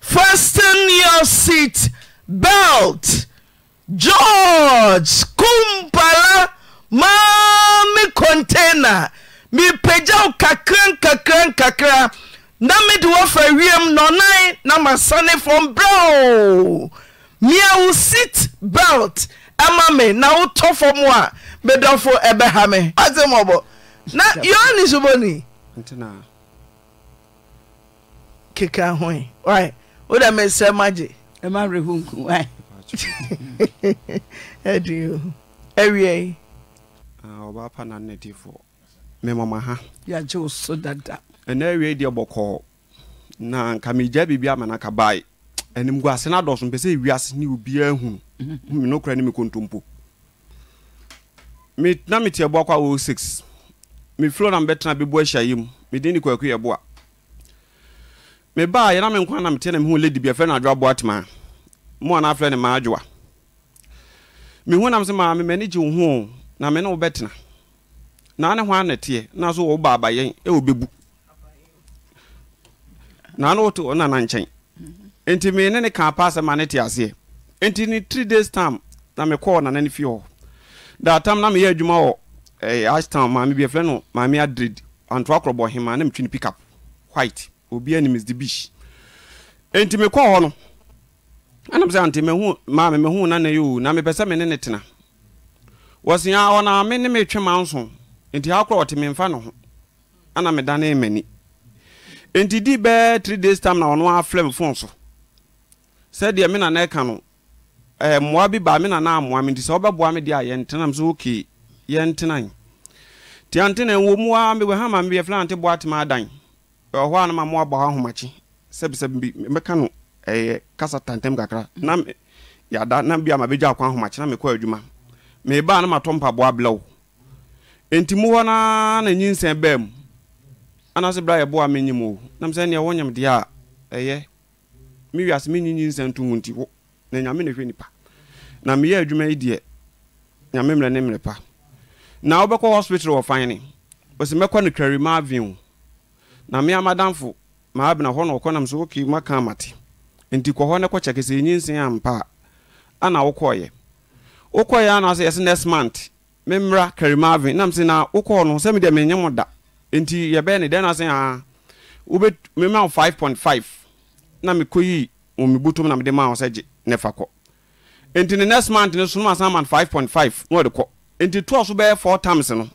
fiston yo seat belt george compala ma me containar mirpagya w kakra nkakra nkakra na mede wɔfa wiem nɔnan na masanefɔm berɛo meawo set belt ɛma me na wotɔfa m a medɔfo ɛbɛ ha me keka ho yi wai o da mesrɛ ma gye. ẹ má rẹ hunkun wai. ẹ o ẹ yi. Ah, ọba apa na nne di fo mi mama ha. yàjẹ o so dada. ẹnna ẹ wi di ẹ bọkọ na nka mi gya biribi ama na ka baa ɛnim gu ase na dɔso mpɛ sɛ ɛwi ase ne obiara hu mhm. me no kura ne me kontompo na mi ɛboa kɔ a wɔ six mefiro na mbɛtena bɛboa ahyia yɛ mu mede ne kwaku yɛboa me ba ya na me nkwa na mete na mehu lady fe na adwa adwoa boatema mo na afre ne ma maa adwoa mehu nam sɛ me m'ani ji hu na me no wo na ne hwa na tie na so ba yen e wo bebu na no to na na nchen enti me ne ne ka pa asɛm a ne tie ase enti ni 3 days time na me na na ne fi ho da tam na me ye adwuma ho eh, ashtown me bia afrɛ no ma me adrid antwa krobo hima na me metwi pick up white obi anim is the beach enti mekɔ hɔ no anam sɛ ante mehu maame mehu na na na mepɛ sɛ me ne tena na a ɔna me ne ma nso nti ha korɔ ɔte memfa ne ho ana medane m'ani enti di bɛɛ three days time na ɔno afrɛ me fon so sɛdeɛ me nana ɛka no ɛɛ mmoa bi baa me nana amoa me nti sɛ ɔbɛboa me deɛ a m yi ante adan ɔhɔ a no ma mo abɔ hɔ ahomakye sɛbisɛbi bi mɛka no ɛyɛ kasa tantam kakra na yada na bi a ma bɛgya akɔ ahomakye na mekɔ adwuma mebaa no matɔ mpaboa blɛw enti mu hɔ naa na nyinsɛn bɛɛ mu anaasɛ berɛ a yɛboa menyim o nam sɛ neɛ wonyam deɛ a ɛyɛ me wiase menyi nyinsɛn to mu nti wo na nyame na hwɛ nipa na meyɛ adwuma yi deɛ nyame mmerɛ ne mmerɛ pa na wobɛkɔ hospital wɔ fan ne ɔsɛ mɛkɔ no kwarima aven o na mmea madamfo maabena hɔ na ɔkɔnam so wokii mu aka amate nti kɔ hɔ ne kɔkyɛke sɛ ɛnyinsee mpa a ana wokɔɔyɛ wokɔɔyɛ ana sɛ yɛse next month memmra karimavin nam se na wokɔɔ no sɛ medeɛ menyɛ mo da nti yɛbɛɛ ne dɛn na se aa wobɛ mema wo 5.5 na mekɔyii wɔ me na mede maa wo sɛ gye ne fa kɔ nti ne next month ne so no asan ma no 5.5 na ɔde kɔ nti toɔ so bɛyɛ 4 times no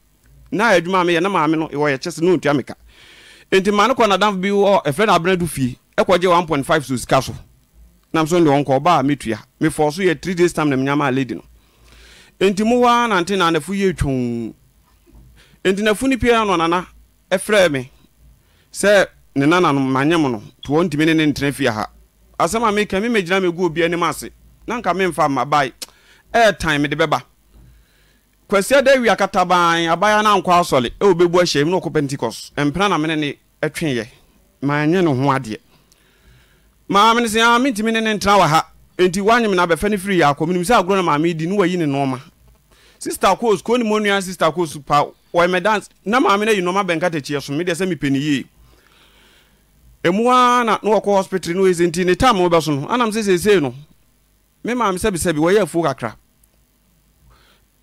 na adwuma meyɛ na maame no ɛwɔ yɛkyɛ sɛ ne ɔntua meka nti maame kɔ n'adamfo bi wɔ ɛfrɛ no abenadu fie ɛkɔgye one point five so sika so nam so deɛ ɔnkɔ ɔbaa metua mefɔ so yɛ three days time na menyama a lady no nti mu hɔ nante na anafo yɛ twɔn nti nafo ne pia no nana ɛfrɛ me sɛ ne nana no manyɛ mu no to wɔn ntumi ne ne ntena fie ha asɛm a meka me megyina megu obi anim ase na nka memfa mmabae ɛyɛ tan mede bɛba kwasi adawi akataban abaya na ankɔ asɔle ɛwɔ e bɛbu ahyia mu ne ɔkɔ mpena na mene ne ɛtweeɛ manyɛ ne ho adeɛ maame no sɛ a ah, mentimi ne ne ntena wɔ ha enti woanyem no abɛfa no firi yɛ akɔ menim sɛ agorɔ no maame di ne wayi ne nɔɔma sister cos kɔɔ ne mu onua sister cos pa wɔyɛmɛ dance na maame no ayi nɔɔma bɛnka takyiɛ so medeɛ sɛ mepɛ ne yie ɛmu na na wɔkɔ hospital no ɔyɛ sɛ nti ne tam wobɛso no anam sɛ seesei no me maame sɛbisɛbi wɔyɛ afuo kakra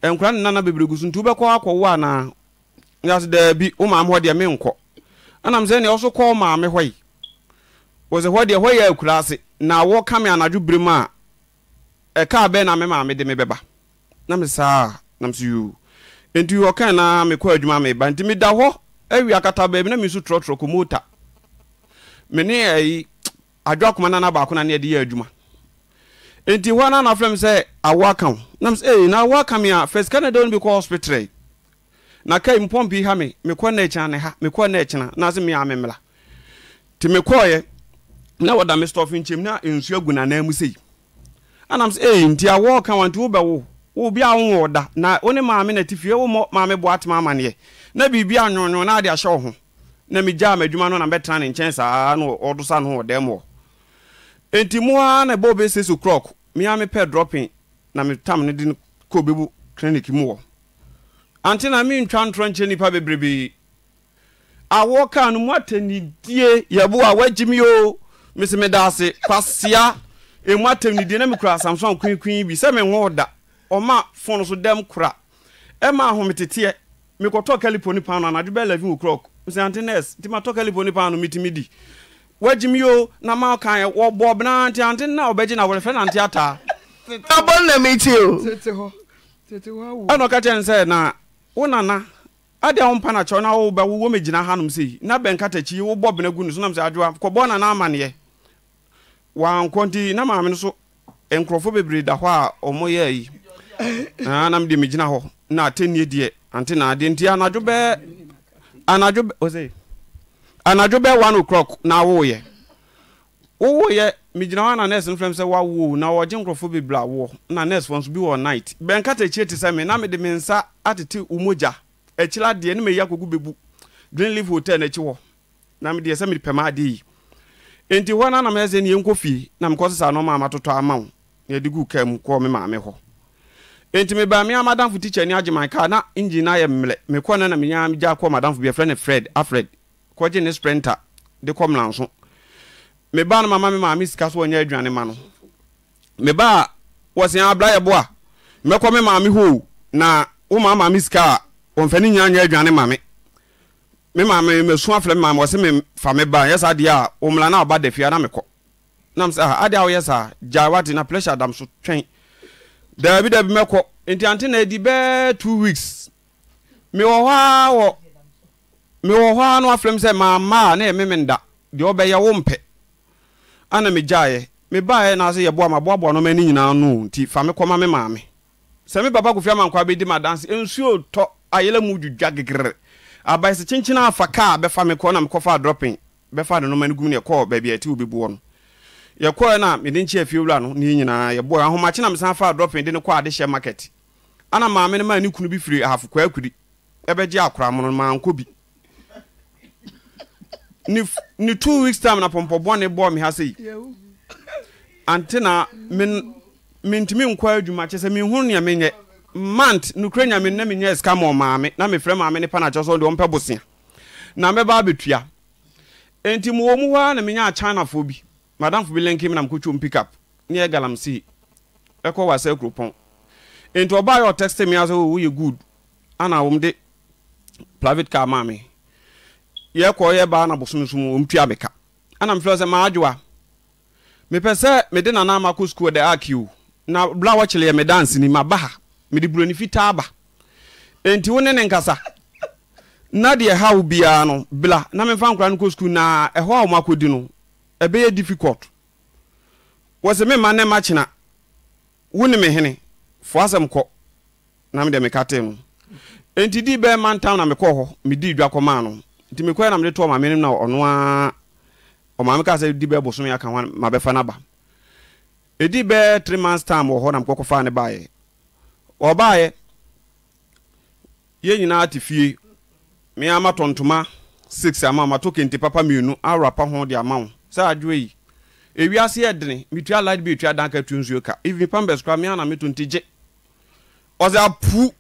nkura ne nana bebree gu so nti wobɛkɔ akɔwo anaa yɛse daabi wo maame hɔ deɛ menkɔ ɛnam sɛ neɛ wɔso kɔɔ maame hɔ yi wɔ sɛ hɔ deɛ hɔ yɛ akura ase na wɔka kame anadwo bere mu a ɛkaa bɛɛ na me maame de me bɛba na me saa nam so yoo enti ɔkae na mekɔ adwuma meba nti meda hɔ awi akata baabi na me nso trɔtrɔ kɔmota me ne ɛyi adwo akoma nana baako na ne ɛde yɛ adwuma nti na anafrɛ m sɛ awa kam nam sɛ ee na awoa ka me a first kana dɛ bi kɔ na kai mpɔmpi ha me na akyina ne ha mekɔ na akyina na sɛ na wɔda na nsu na mu anam sɛ ee nti awa nti wobɛwo obi a da na wo maame na tifie wommɔ maame na biribi na ade ahyɛ na no na ne nkyɛn na ɔdo sa no na ɛbɔ so mia mepɛ dropping na metam no de no kɔ bɛbu clinic mu wɔ ante na mentwa ntorɔ nkyerɛ nnipa bebrebee awɔ kaa no mu atɛnidie yɛbo a woagye me yoo mese meda ase kwasea ɛmu atɛnidie na mekura samson kwinkwi bi sɛ menwo da ɔma fon so dɛm kora ɛma ahometeteɛ mekɔtɔ kalipo nipa no anadwo bɛɛ 11 o'clock sɛ ante nurse nti matɔ kalipo nipa no metumi di wagyimio na maka wɔbɔ bena nti ante na wɔbɛgye na wɔrefɛ nante ataa abɔ na meti o ɛna ɔka kyɛ ne sɛ na wo nana ade wo mpa nakyɛw na wowobɛ wowɔ mɛgyina hanom sei na bɛnka takyi wobɔ bena gu ne so nam sɛ adwoa kɔbɔ nana amanneɛ wankɔ nti na maame no so nkurɔfoɔ bebree da hɔ a ɔmo yɛ yi na mede megyina hɔ na atennie deɛ ante na adeɛ nti anadwo bɛɛ anadwo bɛ ɔsɛ anadwo bɛ one o'clock na awoyɛ wowoyɛ megyina hɔ na nurse mfrɛm sɛ woawo na wɔgye nkurɔfoɔ bebree awoɔ na nurse fɔ nso bi wɔ night bɛnka takyire te sɛ me na mede me nsa atete wo mogya akyiri adeɛ ne mayi akɔgu bɛbu green leaf hotel n'akyi hɔ na medeɛ sɛ mede pɛma adeɛ yi enti hɔ no anamɛ sɛ neɛnkɔ fie na mekɔ sesa no maa matotɔ ama wo na yɛde gu kaa mu kɔɔ me maame hɔ enti meba me amadamfo tikya ni agye man kaa na engine no ayɛ mmerɛ mekɔ no na menya megya kɔ madamfo bi ne fred afred kɔgye ne sprinter de kɔ mlanso mebaa no mama me maame sika so wɔnyɛ aduane ma no mebaa wɔsea ah, abla yɛ bo a mɛkɔ me maame hoo na wo maa maame sika a ɔmfa ne nyinaa nyɛ aduane ma me me maame masu afrɛ me maame ɔse me fa me ba yɛ saa deɛ a ɔmmla na ɔba da fia na mekɔ nam sɛ ah, adeɛ a woyɛ saa gyae wate na pressure dam so twɛn daabi daabi mɛkɔ nti ante na adi bɛɛ two weeks mewɔ hɔ a wɔ mewɔ hɔ a no wafrɛ m sɛ maamaa na ɛme me nda deɛ ɔbɛyɛ wo mpɛ ana megyaeɛ mebaeɛ na sɛ yɛboa maboaboa no ma m'ani nyinaa no nti fa me kɔma me maame sɛ me papa kofia mankoa bɛdi ma danse nsuo tɔ ayela mu dwudwa gegere abaese kyenkyen afa kaa bɛfa me kɔ na mekɔfa dropping bɛfa ne noma no gum ne yɛkɔɔ baabi a ɛte wobɛbuɔ no yɛkɔɛ no a mede nkyi afie wura no ne nyinaa yɛboa ahomakye na mesan fa dropping de ne kɔ adehyɛ market ana maame no ma ne kunu bi firi ahafo kwaakuri ɛbɛgye akoramono mankɔ bi ne two weeks time na pɔmpɔ bɔne bɔɔ me ha sei ante na men mentumi nkɔ adwuma kyɛ sɛ menhunu nea menyɛ mant nokora nyame na menyɛ sika ma ɔmaame na mefrɛ maame ne panakyɛ sɛ ɔde ɔmpɛ bosea na mɛba abɛtua enti mowɔ mu hɔ a na menya chinafoɔ bi madamfo bi lenke me na mekɔtwom pickup ne yɛ galamsey ɛkɔ wa asɛ kuropɔn enti ɔbaa yɛ ɔtɛxte me a sɛ oh, woyɛ good ana wɔm de private car maa me yɛkɔ yɛ baa na bosomsom ɔmtua me ka ana mefrɛ sɛ maadwoa mepɛ sɛ mede nana ma kɔ skuul de akio na bla wɔkyeleɛ me danse ni maba ha mede buroni fitaa ba enti wo ne ne nkasa na deɛ wo biara no bla na memfa nkora no kɔ skuul na ɛhɔ a wɔm akɔdi no ɛbɛyɛ difficult wɔ sɛ mema ne makyena wo ne me hene foa asɛm kɔ na mede meka tee no enti dii bɛɛ mantam na mekɔɔ hɔ medii dwa kɔmaa no nti mekɔɛ na mede toɔ maame nom na ɔno a ɔmaame ka sɛ di bɛɛ bosome aka ho mabɛfa no aba ɛdi bɛɛ three months time wɔ hɔ na mekɔkɔfaa ne baeɛ ɔbaeɛ yɛn nyinaa te fie me ama tɔntoma six ama ma to kente papa mmienu awrapa ho de ama wo sɛ adwoe yi ewiase yɛ dene metua light bi etua danka tu nsuo ka even pambɛs kora me ana meto nti gye ɔsɛ apu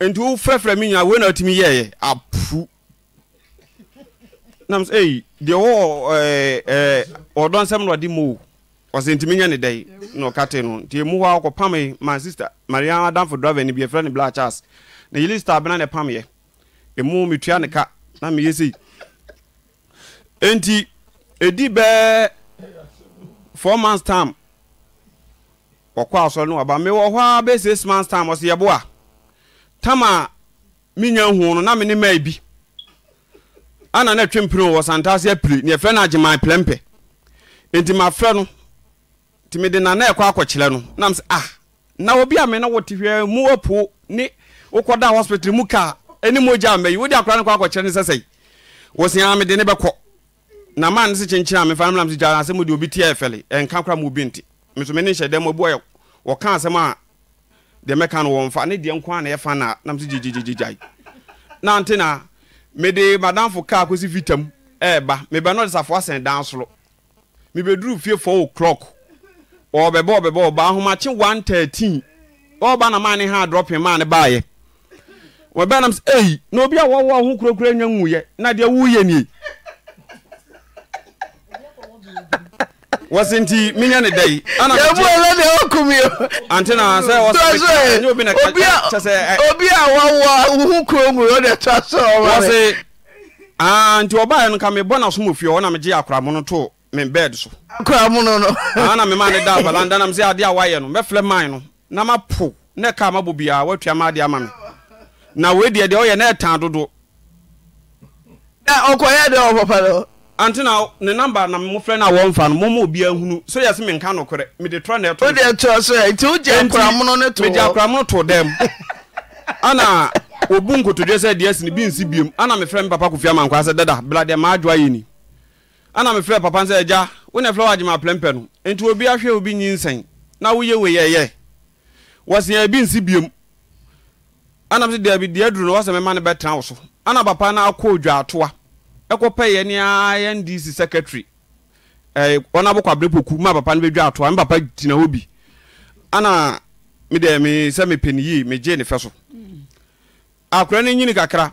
nti wofrɛfrɛ me nyina wei na atumi yɛɛyɛ apu nam sɛ ei deɛ wɔ ɔdɔ nsɛm na ɔde mu o ɔsɛ ntumi nyɛ ne dɛn na ɔka te no nti mu hɔ a ɔkɔpame ma sister maria adamfo driver no bi ɛfrɛ ne black charles na yɛli star bena ne pameyɛ ɛmu metua ne ka na meyɛ sei enti ɛdi bɛɛ eh, four months time wɔkɔ asɔre no waba mewɔ hɔ a six months time ɔsɛ yɛboa tam a menya hu no na mene maa bi ana na twe mpiri wɔ santase apiri ne yɛfrɛ no agyeman plɛmpɛ nti mafrɛ no nti mede nana ɛkɔ akɔkyerɛ no nam sɛ ah na obi ame na wɔte hwɛ mu apuo ne wokɔda hospital mu kaa ɛne mogya mmɛyi wode akora no kɔ akɔkyerɛ no sɛ sɛi wɔsia mede ne bɛkɔ na maa ne se kyenkyene a mefa no nam sɛ gyaa asɛm de obi tiɛ ɛfɛle ɛnka kora ma obi nti meso mene nhyɛ dɛm abu ɔyɛ wɔka asɛm a deɛ mɛka no wɔmfa ne deɛ nko a na yɛfa na nam sɛ gyigyigyigyagyae na nte mede madamfo kaa kɔsi fitam ɛɛba meba no ɔde safoa sɛn dan soro mebɛduru fie four o'clock ɔbɛbɛ ɔbɛbɛ ɔba ahomakye one thirteen ɔba na maa ne ha adrɔpin maa ne baayɛ wɔbɛnam sɛ eyi na obi a wɔwɔ ho kurakura nya nwuyɛ na deɛ wuyɛ nie wɔsi nti minya ne dɛyi. yabu ɛlɛ de ɔkum yi. antena sɛ wɔsi nye obi na kyɛsɛ ɛ. obi a wawa wuhu kuro mu yɛ de ta so ɔma mi. wɔsi aa nti ɔbaa yɛ no ka mi bɔ na so mo fi ɔwɔ na mi gye akoramu no to mi bed so. akoramu no no. aa na mi maa ne da abalanda na mi sɛ ade a waye no mɛfilɛ maa no na ma po ne ka ma bɔ biara watua ma ade ama mi na wei deɛ deɛ ɔyɛ ne tan dodo. ɔkɔyɛ deɛ ɔpapa no. ante na ne namba na mo frɛ na wɔn fa no mo mo obi ahunu so yɛ sɛ me nka nokorɛ mede tɔ na ne to mede akoramono to dɛm ana obu nkotodwe sɛ deɛ sini bi nsi biem ana mefrɛ me papa kofia mankwa sɛ dada bla deɛ maadwoa yɛ ni ana mefrɛ papa sɛ agya wone frɛ wagyema plɛmpɛ no enti obi ahwɛ obi nyi nsɛn na woyɛ weyɛyɛ wɔseɛ bi nsi biem ana msɛ deɛ bi deɛ aduru no wɔsɛ mɛma ne bɛtena wo so ana papa no akɔ odwaatoa ɛkɔpɛ yɛ ne a ndc secretary eh, wɔn abɔ kwabere poku ma papa no bɛ dwa ato papa gyina hɔ bi ɛna mi me mi sɛ mi pɛ ne yie mi ne fɛ so akora ne nyini kakra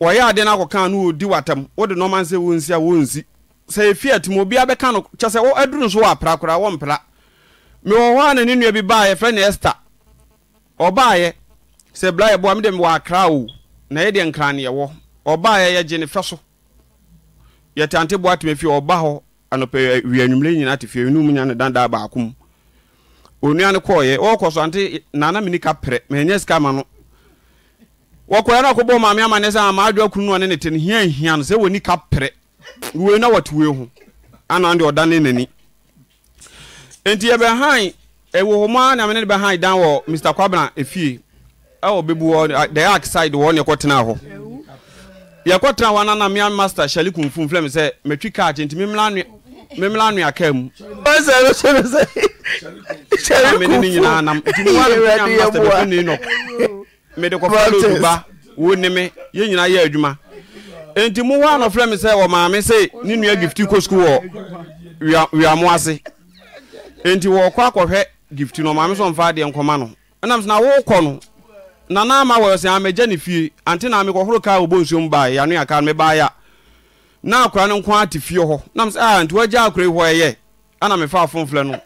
wɔyɛ adeɛ no akɔ kan no wɔdi watam wɔde nɔɔma nsɛ wɔnsi a wɔnsi sɛ efi atim obi abɛka no kyɛ sɛ ɛduru e nso wɔ apra koraa wɔn mpra mewɔ hɔ a na ne nua bi baa yɛfrɛ ne esther ɔbaayɛ sɛ bla yɛ boa mi deɛ mi wɔ akra o na yɛ deɛ nkran yɛ wɔ ɔbaa yɛyɛ gye ne fɛ so yɛte ante boa tuma fie ɔba hɔ anɔpɛ eh, wianwumire nyinaa te fie enum nya ne dandaa baako mu onua no kɔɔyɛ ɔkɔ so ante nana mi nika pɛrɛ mɛ nyɛ sika ma no wɔkɔyɛ no akɔbɔ maame ama ne sɛ ama adwa kunu no ne ne te hia nhia no sɛ wɔni ka pɛrɛ wei na wɔte wei ho ana deɛ ɔda ne n'ani enti yɛbɛhan ɛwɔ hɔ maa na mene bɛhan dan wɔ mr kwabena efie ɛwɔ bebu hɔ the ark side wɔ ne ɛkɔtena hɔ yɛkɔtena wa nana mea master hyɛle kumfum flɛ me sɛ matwi kaakye nti memla anwea ka mu mede ne nyinaa nam ntimasteɛnenɔ mede kɔfa loduba wo ne me yɛ nyinaa yɛ adwuma enti mowɔ anɔfrɛ me sɛ wɔmaame se ne nua gifti kɔ sukuu wɔ wiamo ase enti wɔkɔ akɔhwɛ gifti no ɔmaame sɛ ɔmfa adeɛ nkɔma no ɛnam sɛ na wokɔ no nana ama wɔ sɛ amagya ne fie ante na mekɔhoro kaa wɔbɔ nsuom baa yɛano aka no mebaeɛ na akora no nko ate fie hɔ nam sɛ nti wagya akora yi hɔ ɛyɛ ana mefa afomflɛ no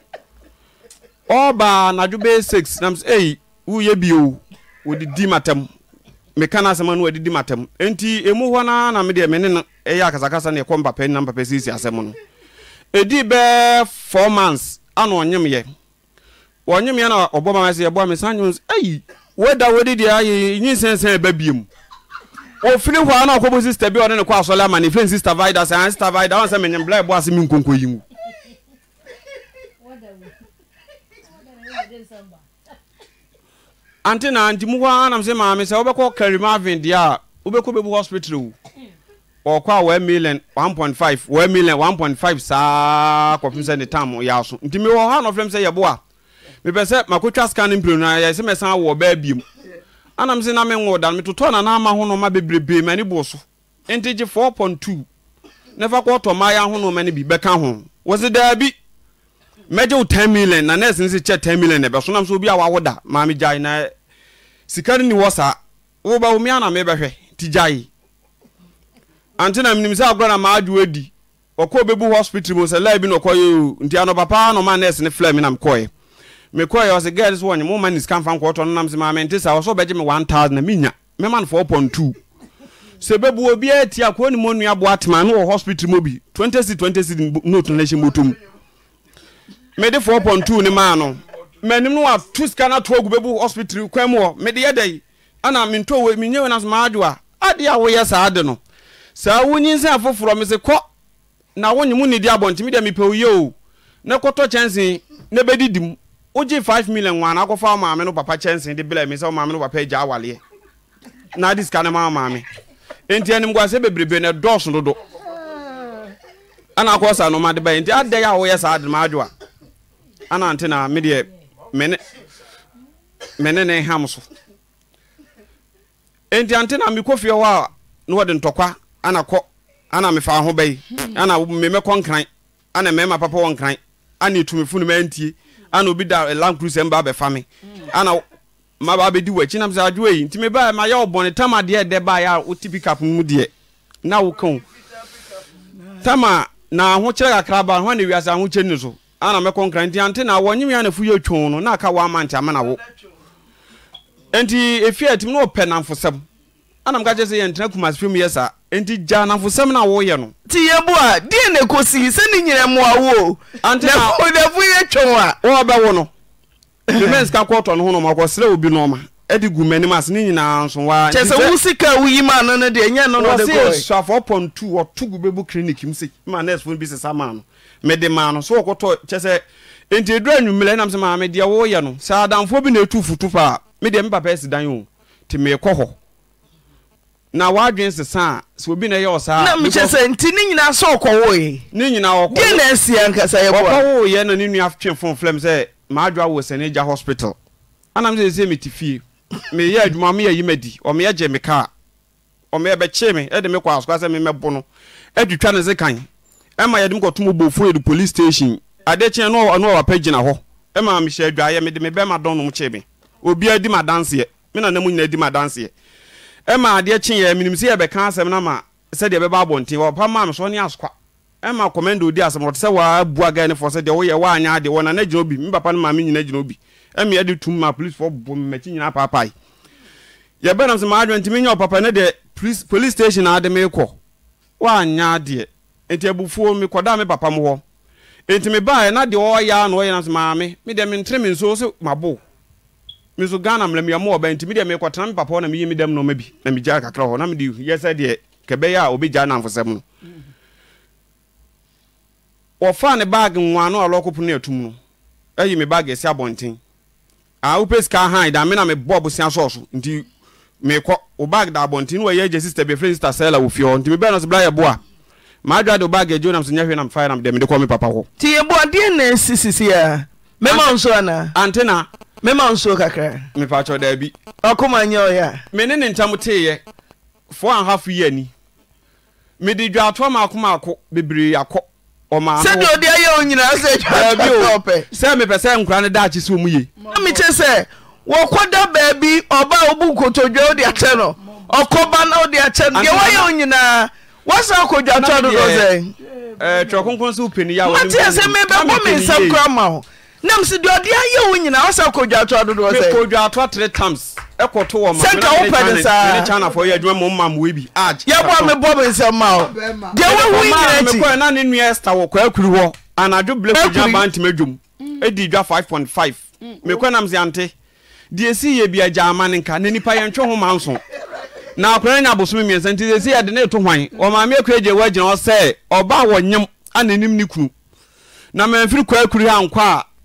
ɔbaa nadwo bɛyɛ six nam sɛ ei woyɛ bio wɔde di matam meka no asɛm no wɔde di matam enti ɛmu hɔ no na medeɛ mene, ne no ɛyɛ akasakasa ne ɛkɔ mpapa nam papa siesie asɛm no ɛdi bɛɛ four months ana ɔnyemyɛ ɔnyemyɛ na ɔbɔ ma ma sɛ yɛboa me sa sɛ ei woda wodi deɛ ayɛ nyinsɛnsɛn ɛbɛ e biem ofiri hɔ a na ɔkɔbɔ sista bi a ɔne ne kɔ asɔle ama ne fɛn sista vida sɛ an ah, sista vida ɔn sɛ menyɛ mbila ɛbɔ ase mi nkonko yi mu. ante na nti mu hɔ anam sɛ maame sɛ wobɛkɔ karimavin deɛ a wobɛkɔ bɛbu hospital o ɔkɔ a wɔyɛ million one point five wɔyɛ million one point five saa kɔfim sɛ ne tam yɛ aso nti mi wɔ hɔ a na ɔfɛm sɛ yɛ bo a mepɛ sɛ makotwa sika no mprɛnu ayɛ sɛ mɛsan wɔ ɔbaa biom anam sɛ na menwo da no metotɔ nana ama ho noma bebrebree m'ani boɔ so nti gye 4.2 na fa kɔ ɔtɔ mmaayɛ ahonoma no bi bɛka ho wɔ se daabi mɛgye wo 10 million na nɛɛse no se kyɛ 10 million na ɛbɛso nam sɛ obi a wawo da maame gyae na sika no ni wɔ saa woba wo mea na mebɛhwɛ nti gyae ante na menim sɛ agorɔ na maadwo adi ɔkɔɔ bɛbu hospital mu sɛ laa bi na ɔkɔyɛ o nti anɔpapaa na ɔma nɛɛse no flɛ me nam kɔɛ mekɔɛ ɔsɛ girl so wɔnye moma ne sika mfa nkɔɔtɔ no nam sɛ maamente sa wɔ sɛ ɔbɛgye me 1000 na menya mɛma no 4.2 sɛ bɛbu obiaa ti akɔɔ ne mɔ nuaboa atema ne wɔ hospital mu bi 20c 20c note no hyɛ mɔtom mede 4.2 ne maa no m'anim no wato sika no ato agu bɛbu hospital kwan mu hɔ mede yɛ dɛi ana mentɔ wei menyɛ wei no so maadwo a ade a woyɛ saa de no saa wonyinsɛn afoforɔ me se kɔ na wonye mu ne di abɔntemi deɛ mepɛ woyɛ o na kɔtɔ kyɛnse na bɛdidim wogye 5 million wana akɔfa maame no papa kyɛnsen de bela mi sɛ maame no papa agya awaleɛ na ade sika no maa maame enti animguasɛ bebrebe no ɛdɔɔso dodo ana akɔ sa no ma de bɛyɛ nti adɛ a woyɛ saa adema adwo a ana nte na medeɛ mene mene ne ham so enti ante na mekɔ fie hɔ a na wɔde ntɔkwa ana kɔ ana mefa ho bɛyi ana memɛkɔ nkran ana mɛma papa wɔ nkran ana ɛtumifo no mantie ana obi da land cruiser mba abɛfa me ana mmaba abɛdi w'akyi nam sɛ adwoa yi nti mebaa mayɛ wo bɔne tam adeɛ ɛdɛ baeɛ a wote pickup mu deɛ na woka wo tam a na ahokyerɛ kakra ba ho ne wiase ahokyɛ ni so ana mɛkɔ nkra nti ante na wɔnyeme a nafo yɛ twon no na aka woama nti ama na wo enti ɛfie atimi ne wɔpɛ namfosɛm ana mka kyerɛ sɛ yɛntena kumase fɛ mu yɛ saa nti gya anafosɛm no a no nti yɛbo a deɛ na ɛkɔsii sɛ ne nyina mmoa wo onafo yɛ twɛn a wɔbɛwo no mema sika kɔtɔ no honom akɔserɛ obi nɔɔma ɛde gu m'anim ase ne nyinaa nso waa kyɛ sɛ wo sika woyi ma no no deɛ nyɛ no no de kɔ suafo tu wɔto gu bɛbu clinic mu sɛ ma nursefoɔ no bi sesa maa no mede maa no so wɔkɔtɔ kyɛ sɛ enti ɛduru anwummerɛ nam sɛ maa medeɛ woyɛ no sɛ adamfoɔ bi na ɛtu foto paa medeɛ me papa dan o nti meekɔ hɔ nwaadn sesabi ne ɛyɛsanefofa sɛ ma w sanea hospital nmedkkmdsaɛm ane sek ma yd mbf police sation pa ginamm bi di meadanseɛ menanamyina di madanseɛ ɛma adeɛ kye yɛ menim sɛ yɛbɛka asɛm no ma sɛdeɛ bɛba abɔnten wɔpa ma me so ne askwa ɛma kɔmɛnda odi asɛm wɔte sɛ waabua ga nefoɔ sɛ deɛ woyɛ woanyɛ adeɛ wɔnana gyina obi me papa no ma me nyina gyina obi ɛme ɛde tum ma policefoɔ bɔ mmakyi nyinaa paapae yɛbɛnam sɛ maadwene ntimi nyɛ ɔpapa ne deɛ police station ade meekɔ woanyɛ adeɛ enti abufuo mekɔda me papa mo hɔ enti mebaɛ na deɛ ɔyɛ a na ɔyɛ nam sɛ maame medeɛ mentere me nsuo sɛ mabo me so ghana mmerɛ meyɛmɔ ɔbɛn nti medeɛ mekɔtena me papa na meyi me dɛm nɔma bi na megyaa kakra hɔ na mede yɛ sɛ deɛ kɛbɛyɛ a obɛgyaa namfosɛm no wɔfaa ne bag nwa no a lɔkopo no atum no ayi me bag ɛsi abɔnten a wopɛ sika han da me na mebɔ abosea sɔɔ so nti mekɔ wo baag da abɔnten no wɔyɛ agya sister bɛfrɛ sister sela wɔ fie hɔ nti mebɛɛ no so bra yɛboa maadwa de wo baag agyo nam so nyɛ hwɛ nam fae nam deɛ mede kɔ me papa hɔ nti yɛboadeɛ na ɛsi sisi a mɛma wo so anaa antena mema nsuo kakra mepakyɛ daabi ɔkoma nyɛ ɔyɛ a mene ne ntam teeɛ fo anhafo yi ani mede dwaatoa maakomaako bebree akɔ sɛ mepɛ sɛ nkora no sɛ ɔmu na sɛ wɔkɔ baabi ɔba wobu nkotodwa wode akyɛ no na wode akyɛ no deɛ nyinaa dodɔ sɛ eh, twerɛ sɛ sɛ mebɛbɔ nam sɛ deɛ ayɛ wo nyina kɔdwatoa tre times ɛkɔto wɔ sɛnka wopɛ ne bi ah, yɛboa mebɔ me nsɛm ma o deɛ wohu nyinakyi na ne nua ɛsta wɔ kwaa kuri hɔ anadwo blɛ kɔgyina ba ntim adwom ɛdi mm. dwa 5.5 mekɔ nam sɛ ante deɛ yɛ bi ne nka na nnipa ho ma na akora nya mmiɛnsa nti si yɛde ne to hwan ɔmaame akura gye woagyina hɔ sɛ ɔba a ananim ne na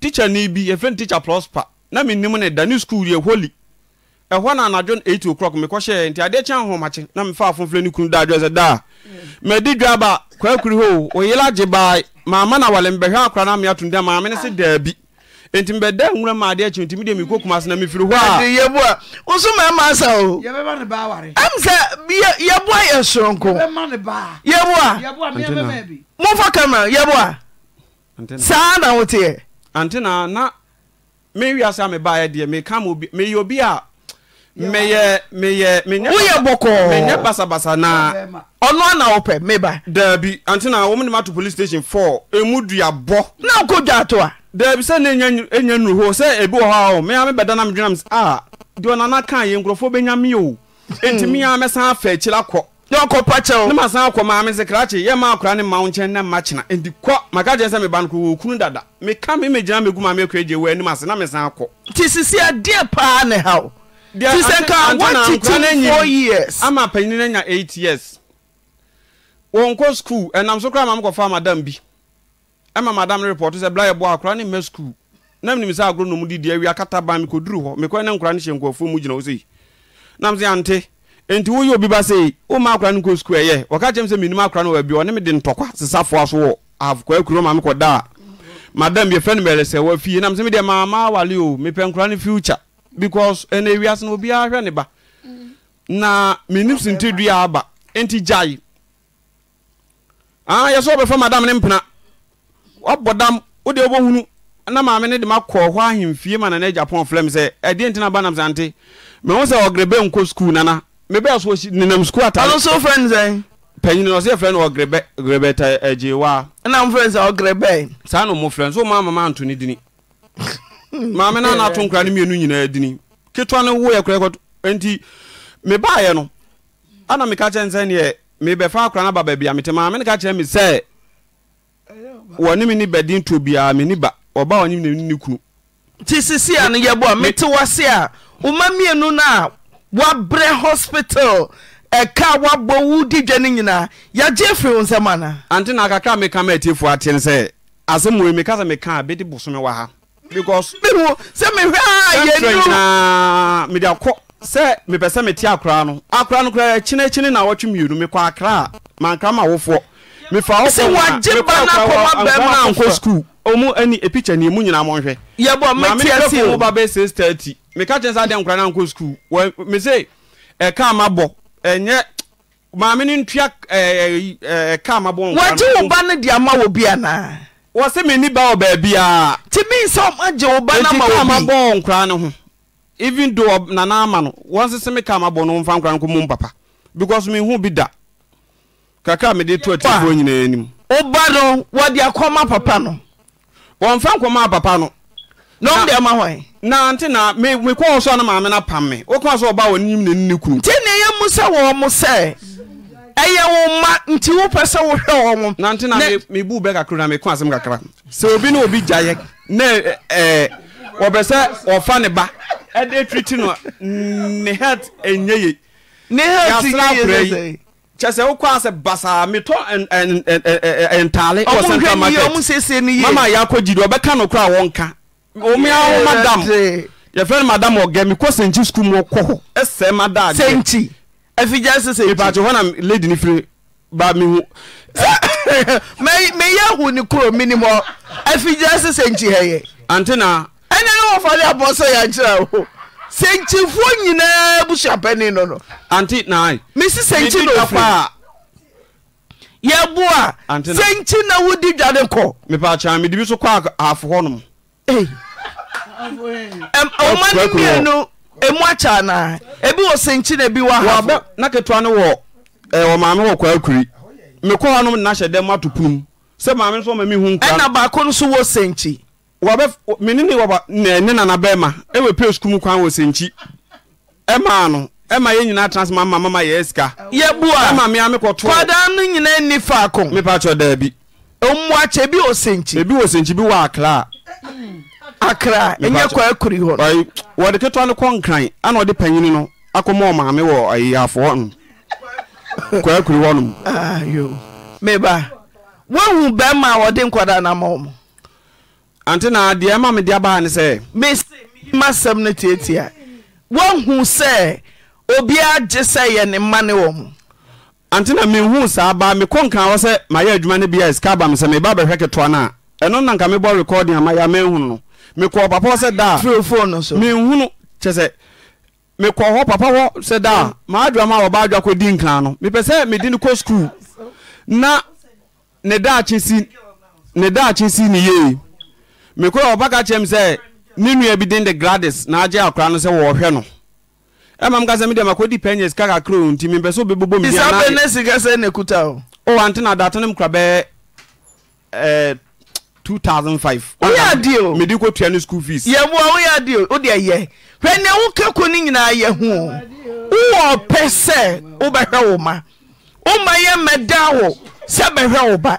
teacher ni bi yɛfrɛ no teacher prosper na menim ne dani school yɛ holy ɛhɔ na anadwo eight o'clock mekɔhyɛ nti adeɛ kyɛn ahomakye na mefa afomfrɛ ni kunu da adwɛ sɛ daa madi dwa ba kwaakuri hɔ o yela gye baa maama na wale mbɛhwɛ akora no ameato dɛ maame ne se daabi nti mbɛda nwura ma adeɛ akyi nti mi mekɔ kuma ase na mefiri hɔ a yɛboa wo so mama asa o am sɛ yɛboa yɛ soronko yɛboa momfa camera yɛboa saa na woteɛ ante na na ase a mebaeɛ deɛ meka meyɛ obi a meyɛ meyɛ maye bɔkɔɔ menyɛ basabasa na ɔno ana wopɛ meba Dabi. ante na wɔm ne mato police station 4 ɛmu duabɔ na wokɔdwa ato a daabi sɛ ne ɛnya nnuru hɔ sɛ ebi wɔ hɔ a o mea mebɛda na medwenam a deɛ ɔnana ka yɛ nkurɔfoɔ bɛnya meyɛ o enti mea mɛsan afa akyira kɔ yɔnkɔ pakyɛw ne ma san kɔ maame sɛ krakye yɛ ma akora ne ma wo nkyɛn na ma kyena nti kɔ maka kyerɛ sɛ meba no kɔ wɔkunu dada meka me megyina megu maame akɔ agye wɔ anim ase na me san kɔ nti sisi adeɛ paa ne haw ti sɛ ka wɔtete four years ama panyin no anya eight years wɔnkɔ school ɛnam so koraa ma mekɔfa madam bi ɛma madam no repɔto sɛ bla yɛboa akora ne mma school na menim sɛ agorɔ nom didi awia kata ban mekɔduru hɔ mekɔ ne nkora no hyɛ nkurɔfoɔ mu gyina hɔ sɛi nam sɛ ante ti woyobeba se oma kra ne ko so e aeɛ naaea kane fe neae meosɛ orabe ko so nana mebɛ so wɔsi nenam sukuu ata. ɔno so fɛn sɛn. panyin eh, na ɔsi efrɛ no ɔgrɛbɛ grɛbɛta ɛgye wa. ɛna n fɛn sɛ ɔgrɛbɛ. saa na ɔmo fɛn so maa mama anto ne dini maame na n'ato nkura ne mmienu nyinaa dini ketewa ne wo yɛ kura ɛkɔtɔ nti mebaa yɛ no ana meka kyɛn sɛ neɛ mebɛfa akora no aba baabi a mete maame no ka kyerɛ me sɛ wɔne me ni bɛden to biara me ni ba ɔba wɔne me ne ne kunu. ti sisi a no yɛ bɔ a mete wɔ se a wɔma mmienu naa wabrɛ hospital ɛka wabɔ wo di dwa no nyinaa yɛagye afiri wo nsɛm ana ante na kakra meka ma atiefoɔ ateɛ sɛ asɛm wei meka sɛ meka a bɛde bosome wɔ ha because sɛ mehwɛ a yɛnyinaa mede akɔ sɛ mepɛ sɛ mete akora no akora no koraa kyenekyene na wɔtwe mmienu mekɔ akra a mankra ma wofoɔ mefa wosɛ wagye ba no akɔma bɛma nkɔ skul ɔmu ani epicture ni emu nyinaa mɔnhwɛ. yɛbɔ mɛti ɛsi o. maame ba bɛ six thirty meka kyerɛ sɛ adeɛ nkura nankɔ sukuu wɔ mese ɛka ama bɔ ɛnyɛ maame ni ntua ɛɛ ɛka ama bɔ nkura ba ama wo mi ni ba wɔ a. ti mi nsa ɔma ba na ma wo bi. eti ka ama bɔ nkura ho even though nana ama no wɔn sisi mi ka ama bɔ wɔmfa nkɔma apapa no nɔmde ma hɔ na nti na mekɔɔ so no maame no pam me woka so ɔba wɔnenyim na nine kunu nti ne ɛyɛ mu sɛ wɔɔ mo sɛ ɛyɛ wo ma nti wopɛ sɛ wohwɛ wɔ mo na nti na mebuu bɛ kakra na meko asɛm kakra sɛ obi ne obi gyaeɛ ne wɔbɛ sɛ wɔfa ne ba ɛde twiti no ne het ɛnyɛ ye ne het yɛasra kora kyɛsɛ wokɔ asɛ basaa metɔ ntaale mama yɛakɔ gyidi ɔbɛka no kora wɔnka ɔmea wo madam yɛfrɛ no madam ɔgɛ mekɔ sɛnkyi skul mu ɔkɔ hɔ ɛsɛ mada sɛnkyi afigya sɛ sɛ mepaakyɛ hɔ na lady no firi ba mehu meyɛ ahu ne kuro menim hɔ afigya sɛ sɛnkyi hɛyɛ ante na ɛne ne wɔfade abɔ sɛ yɛankyerɛ wo sɛnkyimfoɔ nyinaa busuapani no no anti na na ofu a yɛboa sɛnkyi na wodi dwane kɔ mepɛakyɛ mede bi so kọ aafo hɔ nom ɔma mmienu emu ebi wọ sɛnkyi na bi maame nso mi hu baako menene ne nana bɛma ɛwɔ pɛ sukuu mu kwan wɔ sɛnkyi ɛmaa no ɛma yɛ nyinaa trans ma mama ma yɛ sika yɛbua ɛma mea me kɔto kwadaa no nyinaa nni faako mepatwɔ daa bi mmoakyɛ bi wɔ sɛnkyi ebi wɔ sɛnkyi bi wɔ akra akra ɛnyɛ kɔ akuri hɔ wɔde ketewa no kɔ nkran ana ɔde panyini no akɔma ɔmaame wɔ ayafoɔ no kɔ akuri hɔ nom meba woahu bɛrima a wɔde nkwadaa no ama wɔ mo ante na deɛ ɛma mede abaa ne sɛ mese meyima no tiatia woahu sɛ obiaa gye sɛ yɛ ne mma ne wɔ ante na menhuu saa baa mekɔ nka wɔ sɛ mayɛ adwuma no bia sika ba me sɛ meba bɛhwɛ ketewa no a ɛno na nka mebɔ recording ama no mekɔɔ papa daa papa hɔ sɛ daa maadwa ma a mm. wɔba adwa kɔdi no mepɛ sɛ no kɔ na ne daakye si ne daakye si ne mekora ɔbaka kyerɛ m sị ne nua gladys na agye akora no sɛ wɔɔhwɛ no ɛma m ka sɛ mede makɔdi pɛnyɛ sika kakra o nti mepɛ sɛ wobɛbobɔ mbne sika sɛ na m kora bɛɛ 2005 woyɛ ade o mede kɔtua no school fees yɛboa woyɛ ade o wode yɛ hwɛ nyinaa yɛ o sɛ yɛ sɛ bɛhwɛ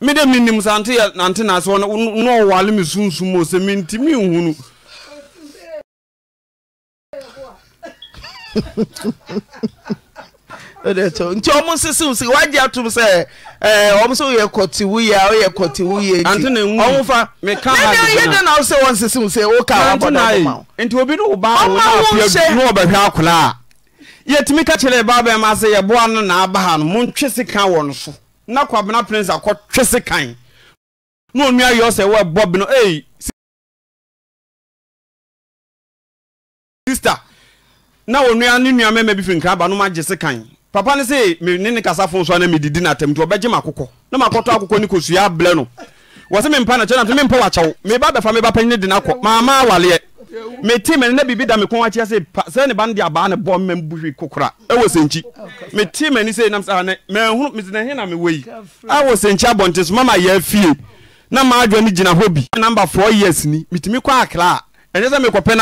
medɛ menim sɛ ante nase hɔ na ɔwale me sunsum o sɛ menti menhunu nti ɔmo nsesew si wagye atom sɛ ɔmo sɛ woyɛ kɔte woyie a woyɛ kɔte woyie ntiɔmofa yɛdɛ na wo sɛ wɔ nsesew sɛ woka wabɔdɔma nti obi ne wo baawona ɔbɛhwɛ akolaa a yɛtumi ka kyerɛ ɛbaa bɛma sɛ yɛboa no naaba ha no montwe sika wɔ no so na kwabena prince akɔtwe se kan na onua yɛ ɔsɛ wɔ ɛbɔ bi no ee sista na onua ne nua mɛmɛ bi firi nkran ba no ma gye se kan papa ne se me ne ne kasa fo nso na me didi na atam nti ɔbɛgye ma akokɔ na ma akɔtɔ akokɔ ne kosua ablɛ no wɔsɛ me mpa na kyɛ na me mpa wakyɛw me ba bɛfa me ba panyin ne di na kɔ maama awaleɛ. mete mene na biribi da meko akyeɛ sɛ sɛ ne ba no de abaa ne bɔ mmam buhwi kokora ɛwɔ sɛnkyi mete mani sɛ nam sɛ na mesena he na mewɔ yi awɔ sɛnkyi abɔnte so mama yɛ na maadwa no gyina hɔ bi namba 4 years ni metumi kwa akra a ɛnyɛ sɛ mekɔpɛ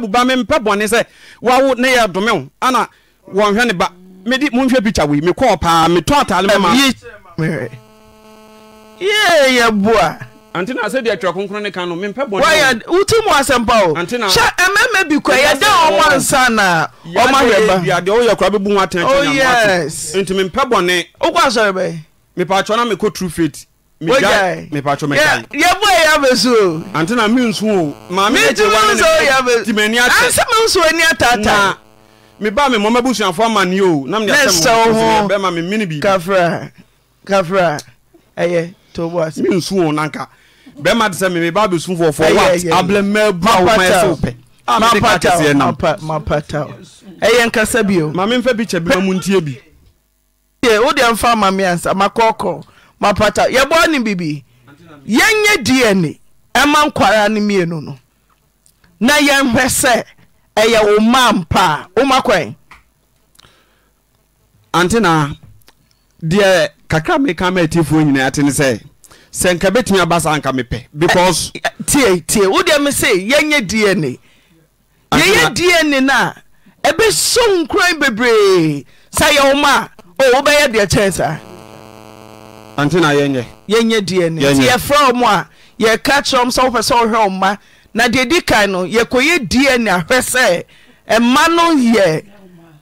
bu bu ba bɔne ne wo ne ba picture wei anti na asɛdeɛ atwerɛ kronkron ne ka no mempɛ bɔne wɔyɛ wotim asɛmpa o hyɛ ɛmɛmɛ bi kɔ yɛdɛ ɔmo ansa na ɔmo ahwɛ ba yadeɛ woyɛ kora bɛbu ho atɛnkyɛ oh, nti mempɛ bɔne wokɔ asɔre bɛyɛ mepaakyɛ na mekɔ true faith megya mepaakyɛ mɛkae yɛbɔ ɛyɛ abɛsu o anti na mensu o maametimanni ataataa meba me mmɔma busuafoɔ amane o na mede asɛm bɛma memene bi kafra kafra ɛyɛ tobo ase mensu o nanka bɛrima ah, de sɛ meme ba bɛsum fɔfɔ wat ablɛmɛ ba wo ma ɛsɛ wopɛ mapataw mapataw eh, ɛyɛ nkasa bio maame mfɛ bi kyɛ bi ma mu ntie bi wode mfa maame ansa makɔkɔ mapataw yɛbɔ ne bibi yɛnyɛ dna ɛma nkwara no mienu no na yɛnhwɛ sɛ ɛyɛ wo ma mpa a woma kwan ante na deɛ kakra meka ma atifoɔ nyinaa ate ne sɛ sɛ nka bɛtumi abasa anka mepɛ because eh, eh, tie wodeɛ me se yɛnyɛ dna yɛyɛ DNA no a ɛbɛso nkuran bebree sa yɛwo ma a wobɛyɛ deɛ kyɛn saa na yɛnyɛ dnti yɛfrɛ mu a yɛka kyerɛm sɛ wopɛ sɛ wohwɛ woma na deɛ di kan no yɛkɔyɛ dn ahwɛ sɛ ɛma no yɛ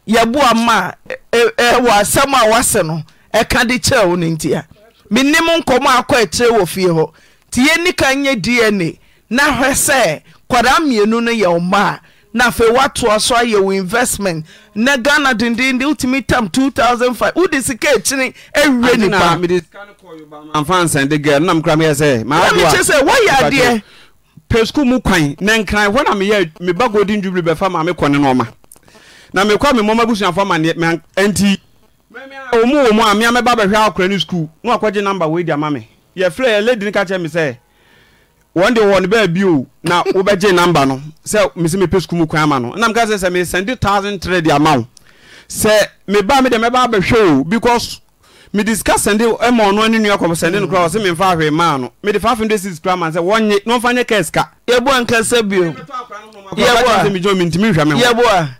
yɛboa ma a asɛm a woase no ɛka de kyerɛ wo no ntia mennem nkɔmmɔ akɔ akyirɛ wɔ fie hɔ nti yɛnika yɛ dn na hwɛ sɛ kwada mmienu no yɛwo maa na afei woatoaso ayɛwo investment na ghana denee wotumi tam 2005 wode sika kyine wekeɛ sɛ wɔyɛdeɛ pɛsku mu kwa ne nkra ɔna mebagode ndwubere bɛfa mame kɔne noɔma na mekɔmemma bsuafmaeɛ omu wɔ mu a mmea mɛba bɛhwɛ akora no skul na wakɔgye namba wei di ama me yɛfrɛ yɛ lady no ka kyerɛ me sɛ wɔn de wɔn bɛɛ o na wobɛgye namba no sɛ mesi mepe skul mu kwan ama no nam ka sɛ sɛ mesɛnde thousand three de ama wo sɛ meba me deɛ mɛba abɛhwɛ o because me discuss sɛnde ɛma ɔno ani nua kɔmɔ sɛnde no kora ɔsɛ memfa ahwɛ maa no mede five hundred six kora ma sɛ wɔnye na ɔmfa nyɛ kɛs ka yɛboa nkasa bio yɛboa yɛboa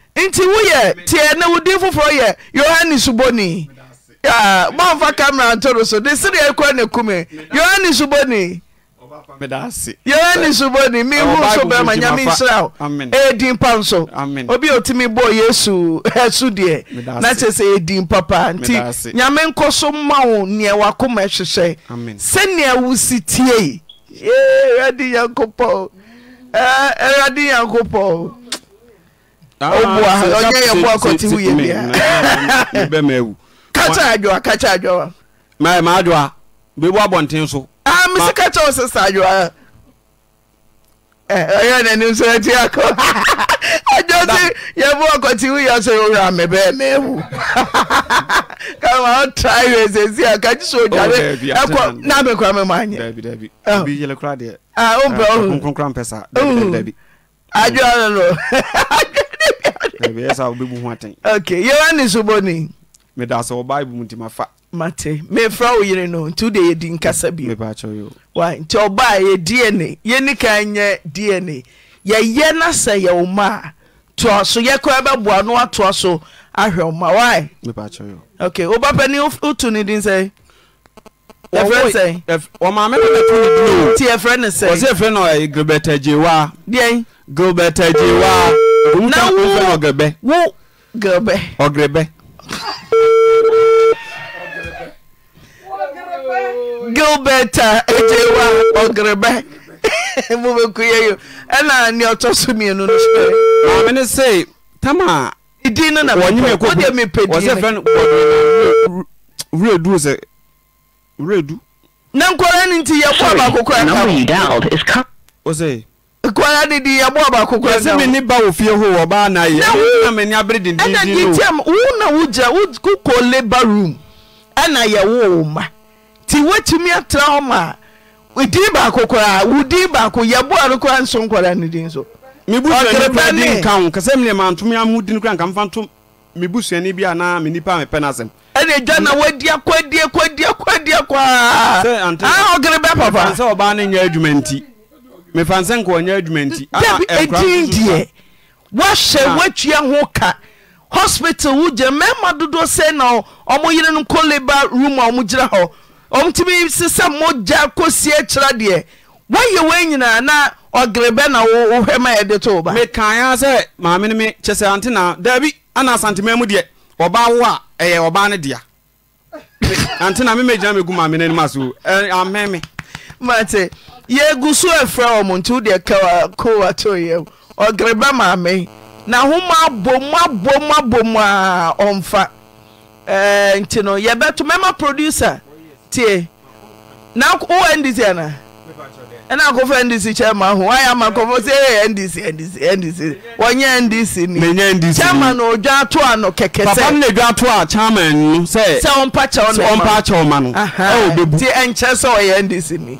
nti wo yɛ tiɛ ne wodin foforɔ yɛ yohane suboni mafa kamerantoro so ne sereɛko nekm yone sboni yone sboni mehu so brma nyame serɛo yɛdin pa nso obi a otumi bɔɔ yesu asu deɛ na kye sɛ yɛdin pa paa ntinyame nkɔ so ma wo neawako ma hweswɛ sɛnea wo sitieiykraeynkp kacha adwoa bebu abɔnten so mese ka kyɛ wo sesa adwoa ɔyɛ nanim so ati akɔ adwo se yɛbo akɔte wo yɛ sɛ yɛwura mebɛɛ ewu. kama ɔtrae wɛ sɛsi a kakye so odware na mekora me maanyɛ wompɛ wohu adwoa no no yɛwa ne so bɔne meda sɛ wɔ bible mu nti mafa mate mefra wo yere no nti wode yɛdi nkasa bio nti ɔba a yɛ dna yɛni ka nyɛ dna yɛyɛ na sɛ yɛwo ma a toa so yɛkora bɛboa no atoa so ahwɛ wo ma wae ok woba pɛ ne woto ne din sɛ yɛfrɛ sɛ ɔmaame na no ne dino nti yɛfrɛ ne sɛ ɔsɛ yɛfrɛ gilbert agyewa gilbert agyewa na wo ọgẹbẹ wo gẹbẹ ọgẹbẹ gilberta ejewa ọgẹbẹ mubɛku yɛ yo ɛna ne ɔtɔ so no hyɛ maame ne se tama idi nọ na wode mepɛdin wurɛdu sɛ wurɛdu na nkɔra no nti kwara ne di yɛboa baako kora sɛ mene ba wɔ fie ho na yɛ mene abere denɛna gyitam wo na wogyina wokɔ labor room ɛna yɛwo wo ma nti woatumi atra hɔ ma a din ɛne gya na mefa sɛ nka ɔnyɛ adwuma nti ɛdin deɛ woahyɛ woatua ho ka hospital wo gya mmarima dodoɔ sɛ na ɔmo yere no kɔ laba room a ɔmogyina hɔ ɔmotumi se sɛ mogya kɔsie kyerɛ deɛ woayɛ woanyinaa na ɔgerebɛ na wo hwɛ ma yɛde too ba mekaeɛ sɛ maame no me kyɛ sɛ ante na daabi ana asantema mu deɛ ɔba wo a ɛyɛ ɔbaa no dea ante na memɛgyina mɛgu maame no anim aso eh, ameme mate yɛgu so afra wmnti wode kovatoyɛ ɔkerebɛ mame nahom m a ɔfa nti o yɛɛto mɛma prodse owa se anne kfo kmahoɛmakɔfɔsɛɛkyɛsɛ yɛ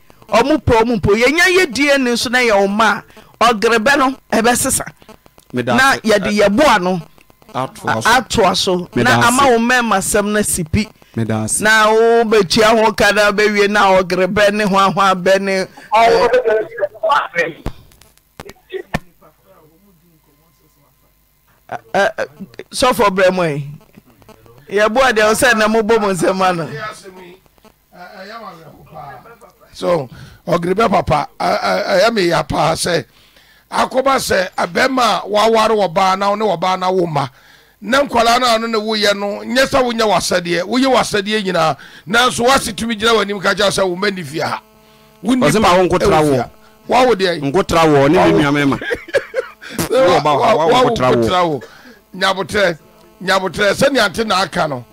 ɔmo po ɔmo mpo yɛnya yɛ dna nso na yɛ ɔma a ɔgerebɛ no ɛbɛsesa na yɛde yɛboa no atoa so na ama wo mmarima sɛm no sipi na wobɛkyia ho kada na bɛwie eh, eh, e. na ɔgerebɛ eh, ne ho ahoa bɛ ne sɔfo brɛ mu ɛ yɛboa deɛ wo sɛ na mobɔ mu nsɛm ano so ɔgere bɛ papa ɛyɛ me ya paa sɛ akɔba sɛ abɛɛma a waware wɔbaa na ne wɔbaa na wo ma na nkwadaa no a no ne woyɛ no nyɛ sɛ wonyɛ w'asɛdeɛ woyɛ w'asɛdeɛ nyinaa nanso woase tumi gyina w'anim ka kyerɛ sɛ wo mɛ ni fie ha wawo deɛ nyabotrɛ nyabotrɛ sɛnea nte na aka no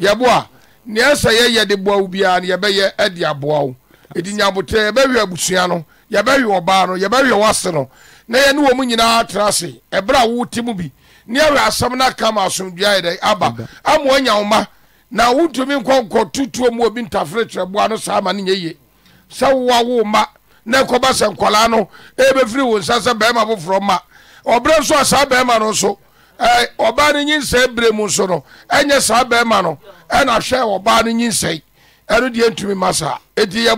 yɛbo a neɛ sɛ yɛyɛ de boa wo biara no yɛbɛyɛ adi aboa wo ɛdi nyabotɛ yɛbɛwe abusua no yɛbɛwe ɔbaa no yɛbɛwe wase no na nyinaa ase a mu bi ne asomdua aba ama na wontumi nkɔnkɔ tutuo obi no saa ma sɛ wowa wo ma na ɛkɔba sɛ nkɔlaa no ɛbɛfiri wo nsa sɛ bɛrima foforɔ ma nso a saa bɛrima no nso ɔbaa no nyinsɛe mu nso no ɛnyɛ saa bɛrima ɛno deɛ ntumi ma saa ɛti a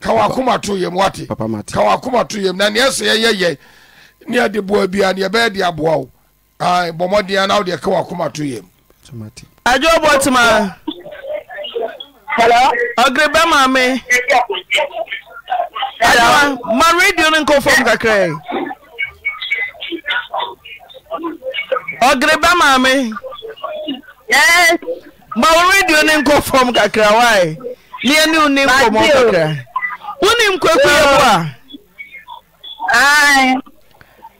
ka wakoma to yam wate ka wakoma to na neɛ sɛ yɛyɛ yɛ ne boa bia de aboa wo na wodeɛ ka wakoma to yam adwo bɔtema ɔgere bɛ ma ma radio no kakra ɔgere bɛ ma redio ne nkɔfam kakra wae neɛne wo ne nkɔmmɔ kakra wonim kwakuɛ bo a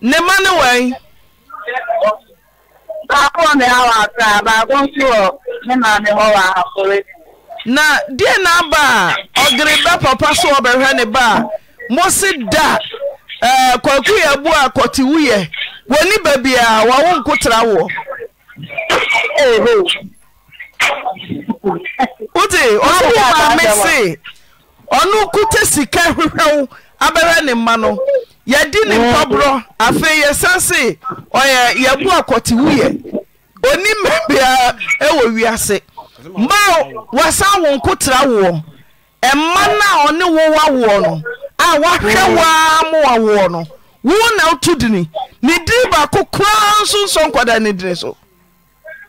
ne ma ne wai na deɛ na aba a ɔgere ba papa so ɔbɛhwɛ ne ba a mo se da eh, kwakuɛ bo a kɔte woyɛ w'ani baabi a wawo nkotra woɔ wode ɔsɛwo maame se ɔno kota sika hwehwɛw abɛrɛ ne mma no yɛdi ne mpɔborɔ afei yɛsan se ɔyɛ yɛbo akɔte woyɛ oni mmabiaa ɛwɔ e wiase mao wɔasan wo nkotra woɔ e mma na a ɔne wowa woɔ no a woahwɛ mm. waa mowawoɔ no wo na otu woto dini ne diri baako koraa nso nsɔ nkɔda ne dini so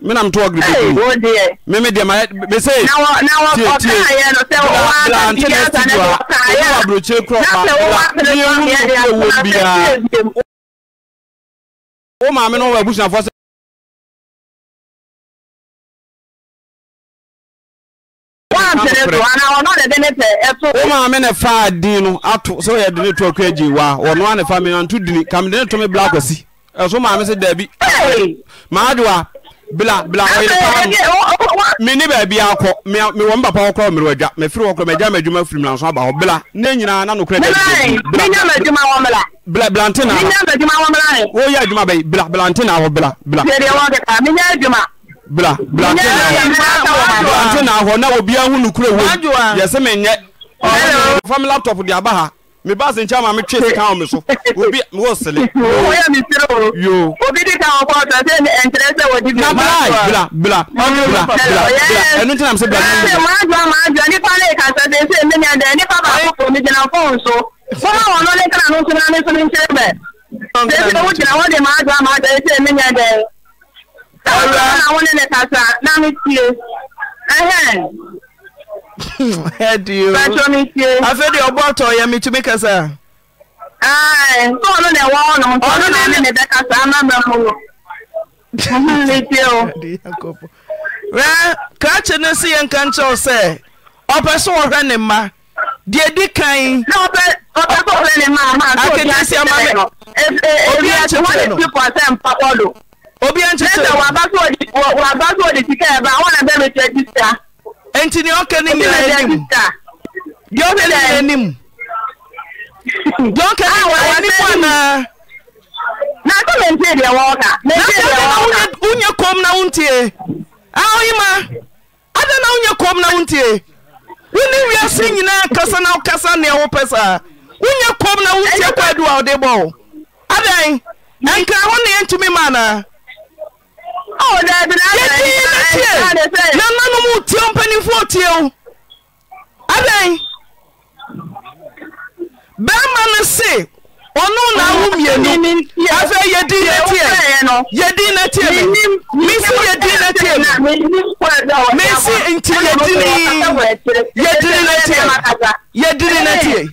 me na mto agri bedu hey, oh dear me me dear my be say na wo na wo ko ta ye no se wo wa na ti ya ta ne ko ta ye na bro che kro ma ni ewu ni e wo bia o ma me no wa bushna fo se o ma me ne fa din no ato so ye de ne to akwa ji wa wo no ane fa me antu dini kam de ne to me black osi e so ma me se da bi ma adwa bila bila ɔyere ah, eh, paa eh, eh, mi ni baabi akɔ mi mi wɔ mpapa wɔkɔ mi wɔ dwa mi firi wɔkɔ mi gya mi adwuma firi mi lanso aba hɔ bila ne nyinaa nanu kura bɛyi bɛyi bila mi nya mi adwuma wɔ mi la bila bilante na mi nya mi adwuma wɔ mi la yɛ o yɛ adwuma bɛyi bila bilante na hɔ bila bila seere wɔ kɛta mi nya adwuma bila bilante na hɔ bilante na hɔ na obiara hu nukuri wo yɛsɛ mi nyɛ ɔɔ fɔmi laptop di aba ha mi ba se nkyɛn ma mi twe sika wɔn mi so obi mi wɔ sele. o yɛ mi sere o. yoo obi di ka ɔkɔ ɔtɔ se ni ɛntɛrɛ sɛ wɔ di bi. na bila bila bila bila bila ɛnu ti na mi se bila. ɛɛ maa jɔ maa jɔ nipa le ka sɛ se se ne ni ɛdɛ nipa b'a fɔ ko mi jɛna fɔn so fɔlɔ wɔn n'o le kana n'o sumana ne sumi nse bɛ. sese ne ko jɛna o de maa jɔ maa jɔ se ne ni ɛdɛ afɛdeɛ ɔbɔ atɔ yɛ metumi kasa ɔno na ɛwɔ hɔ no ɔno na ne ne bɛka saa na bɛmo wɛ krakye no si yɛ nka nkyɛw sɛ ɔpɛ so wɔhwɛ ne mma deɛ di kan aketesiama obi ankyekyere no obi ankyekyere no nti deɛ ɔka ne nyinaa anim deɛ ɔka ne nyinaa anim deɛ ɔka ne nyinaa anim anaa na sɛ mentie deɛ kom na wontie a ah, ada na wonya kom na wontie wone nyinaa kasa na wokasa nea wopɛ saa wonya kom na wontie kwaadu a ɔde bɔ wo adɛn ma na. yɛtie na tie na nanom tie mpanimfoɔ tie wo adɛn bɛrima no se ɔno na awo mmienu afei yɛdin na tie yɛdin na tie me mesi yɛdin na tie me mesi nti yɛdini yɛdini na tie yɛdini na tie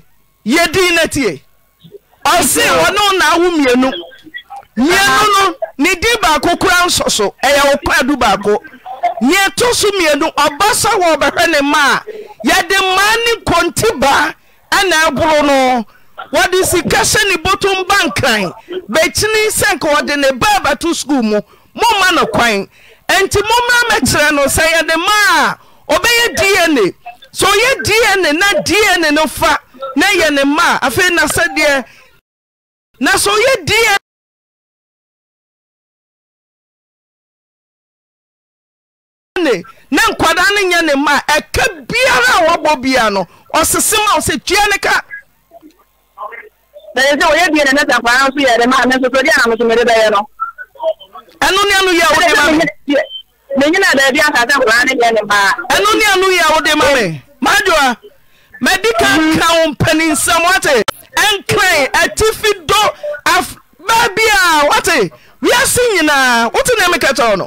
yɛdin na tie ɔse ɔno na awo mmienu nia no ne di baako kora nsɔ so ɛyɛwo ka du baako neɛto somminu ɔba sɛ wɔ bɛhwɛ ne ma a yɛde maa ne kɔnti baa naɛoro no wɔde sika syɛ ne botom ba nkran bɛakyini sɛnk wɔde ne babato skul mu momma no kwan ɛnti mommra mɛkyerɛ no sɛ yɛ ne ma a ɔbɛyɛ dn sɛ ɔyɛ dn na dn no fa na yɛ ne maa afei nasɛdeɛ n sɔyɛ ne ne nkwadaa no nyɛ ne ma ɛka biara a wɔbɔ bia no ɔsese ma ɔsɛ tua ne ka ɛno ne ano yɛ wode ma me ɛno ne ano yɛ wode ma me madwoa madi ka nka mm-hmm. wo mpani nsɛm wate ɛnkran atifi do baa bi a wate wiase nyinaa wote ne mekɛtɛw no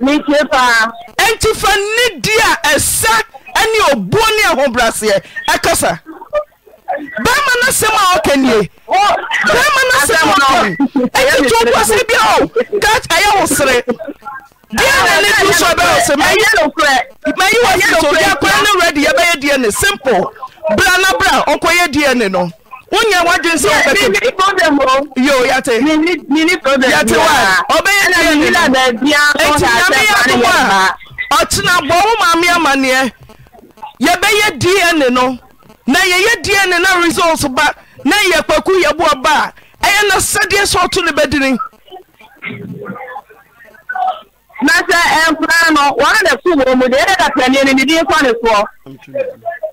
ɛnti fa ti ne di a ɛsa ne obuo Ma ahobraseɛ ɛkasa e bɛrima no sɛm a ɔka nie bɛrima no sɛm a ɔka e. ɛnti to wopɔ sɛ bia o ka ɛyɛ wo sere deɛ na ne tu sɔ bɛɛ wo sɛ mayi wɔ sɛ so deɛ akora ne werɛ de yɛbɛyɛ deɛ ne simple bra na bra ɔkɔyɛ deɛ ne no wúnyẹ wọn dín sí ọbẹ kìí. mi ní problem o. yo yàtẹ. mi ní mi ní problem. yàtẹ wa ọbẹ yẹn ti yẹn. ẹnna mi ní ẹtì nyàmé àtúwà ọ̀tún àbọ̀ ọ̀hún maame amaneɛ yɛbɛyɛ dna no na yɛyɛ dna na results ba na yɛ kwaku yɛbu ɔba a ɛyɛ na sɛdeɛ sɛ ɔto ne bɛdi ni. na sɛ nkura no wɔn a na su wɔn mu deɛ ɛyɛ dapɛ ni ɛni ni di nkɔ ne soɔ.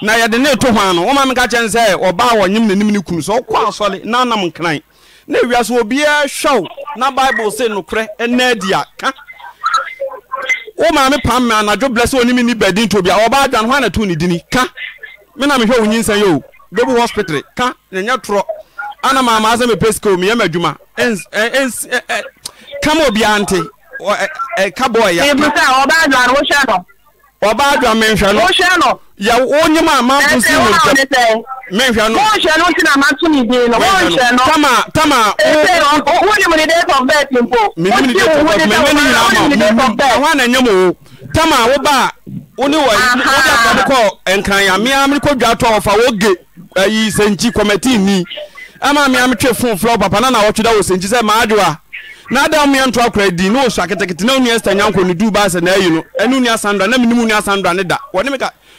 na yɛde ne to hwan no woma meka kyɛn sɛ ɔbaa wɔnyem nanim ne kunu sɛ ɔkɔ asɔre na anam nkran na awia sɛ obiaa hwɛw na bible se nokorɛ ɛna adi a ka wo maame pam me anadwo blɛ sɛ onim ni badin to bia ɔbaa dwan hwan na to ne dini ka me na mehwɛ wo nyinsa yɛ o bebu hospital ka nyɛnyɛ torɔ ana maama asɛ mepɛ sika o meyɛ ma adwuma kama obiaa nte ka bɔɔ ɛyɛ ɔbaa dwan menhwɛ no yàwó ó ní máa máa tún sí ìwé ntẹ mẹ́nfẹ́ nù. wọ́n ṣe ẹnu tí na máa tún mi di nù wọ́n ṣe ẹnu. tama tama o. ẹsẹ̀ wọ́n ní mo ní date of birth mpo. mímú ní date of birth mímú ní nyinaa ma mímú àwọn àna ẹ̀yẹ́ mo o tama wo ba o ní wọ̀ yìí ó dà kọ́ kọ́ nkànyà mi àmì kò dùn àtọ̀ ọ̀fà ó gè ẹ̀yí sẹ̀ǹtì kọ̀mẹ̀tì ni àmà mi àmì twẹ̀ fún fúlọ̀ pàpà náà nà wọ́n twẹ̀ dà wọ̀ sẹ̀ǹtì sẹ̀ máa dùn à n'ada mu yɛ ntɔ akora di n'osu akitikiti n'onu yɛ sɛ nyanko ne duba asɛ n'ayi no ɛnu ni asandra n'amu ni mu ni asandra ne da wɔn ne mi ka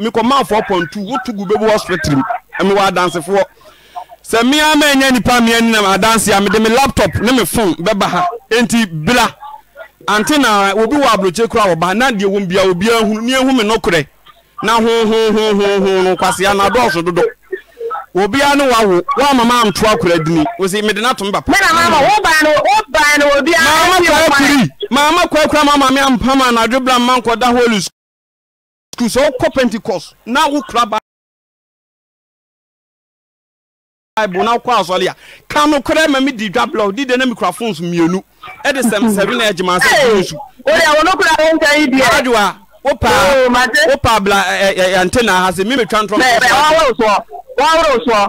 mekɔmaa four point two wotu gu bɛbu hospital mu ɛmewɔ adansefoɔ sɛ mmea ma ɛnyɛ nipa mmea nenam adanse a mede me laptop ne me phone bɛba ha enti bla ante na obi wɔ aburokyɛ kura wɔ ba na deɛ wɔn bia obiara hunu ne ehu me nokorɛ na hohohohoho no kwasia na dɔɔso dodo obiara ne wawo wɔn amama anto akora dini wosi mede na to me papa. mena mama wo ban no wo ban no obiara. maama kɔ akuri maama kɔ akura maama mi ampama anadwo bla mma nkɔda holy school school sɛ wokɔ pentecost na wokura bible na wokɔ asɔre a ka nokorɛ ma medi dwa blɔ dide na mekura phones mmienu ɛde sɛm sɛbi na agyima sɛ su adwoa wopa wopa bla ɛyɛnte na ha sɛ memetwa ntorɔ wɔworɔ soɔ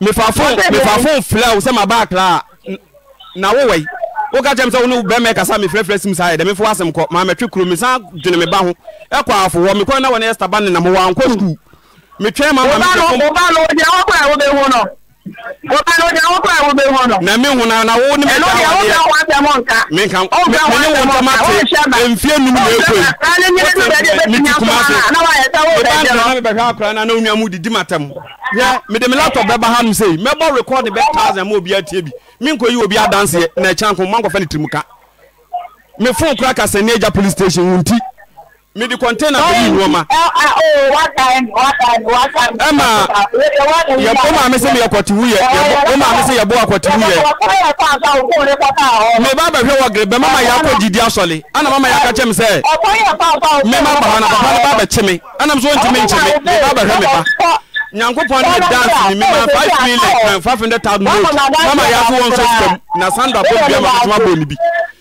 mefafo mfrɛ wo na wowai woka kyɛm sɛ wo be bɛmɛ kasa mefrɛfrɛ sim saa yɛ dɛ mefo asɛm kɔ maamɛtwe kuro mesan dwene me ba ho ɛkɔ afo hɔ mekɔe na na ɛstaba ne nam wɔankɔ skul metwɛn ma ma na me huna na wo ne me ka me ne wo ntama te mfie num na ekwe me ti kuma se me ba na me bɛhwɛ akora na na onwa mu didi matam ya me de me laptop bɛba ha no sei me bɔ record bɛ thousand ma obi atie bi me nkɔ yi obi adanse na ɛkyɛn ko mankɔfa ne tirimu ka me phone kura kasɛ ne agya police station wo nti midi container bi bɛyi nnoɔma ɛma yɛbɔ maame sɛ meyɛkɔte wuyɛ yɛbɔ maame sɛ yɛbɔ akɔte wuyɛ meba bɛhwɛ wɔ gere bɛma ma yɛakɔ didi asɔle ana mama yɛaka eh, eh, kyɛ me sɛ mema ba hɔ na papa no ba bɛkye me anam so ɔntimi nkye me meba bɛhwɛ me ba nyankopɔn ne dance ni mema 5 million 500,000 mama yɛafo wɔ nso sɛm na sandra bɔ biama sotoma bɔ ne bi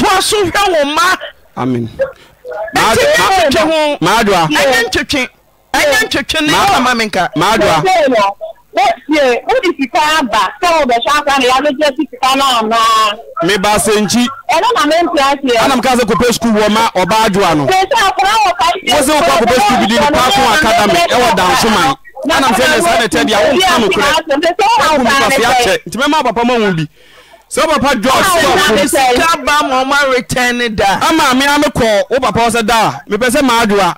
y tty tete mebasankianamkasɛ kopɛ scu b ma ɔba dua nowosɛ akopɛ skubidi nepasoo kadame w dansoma nasan tdnorapapamwb sɛ papa return jɔsɔfo ama me ame kɔ wo papa sɛ da a mepɛ sɛ maadwoa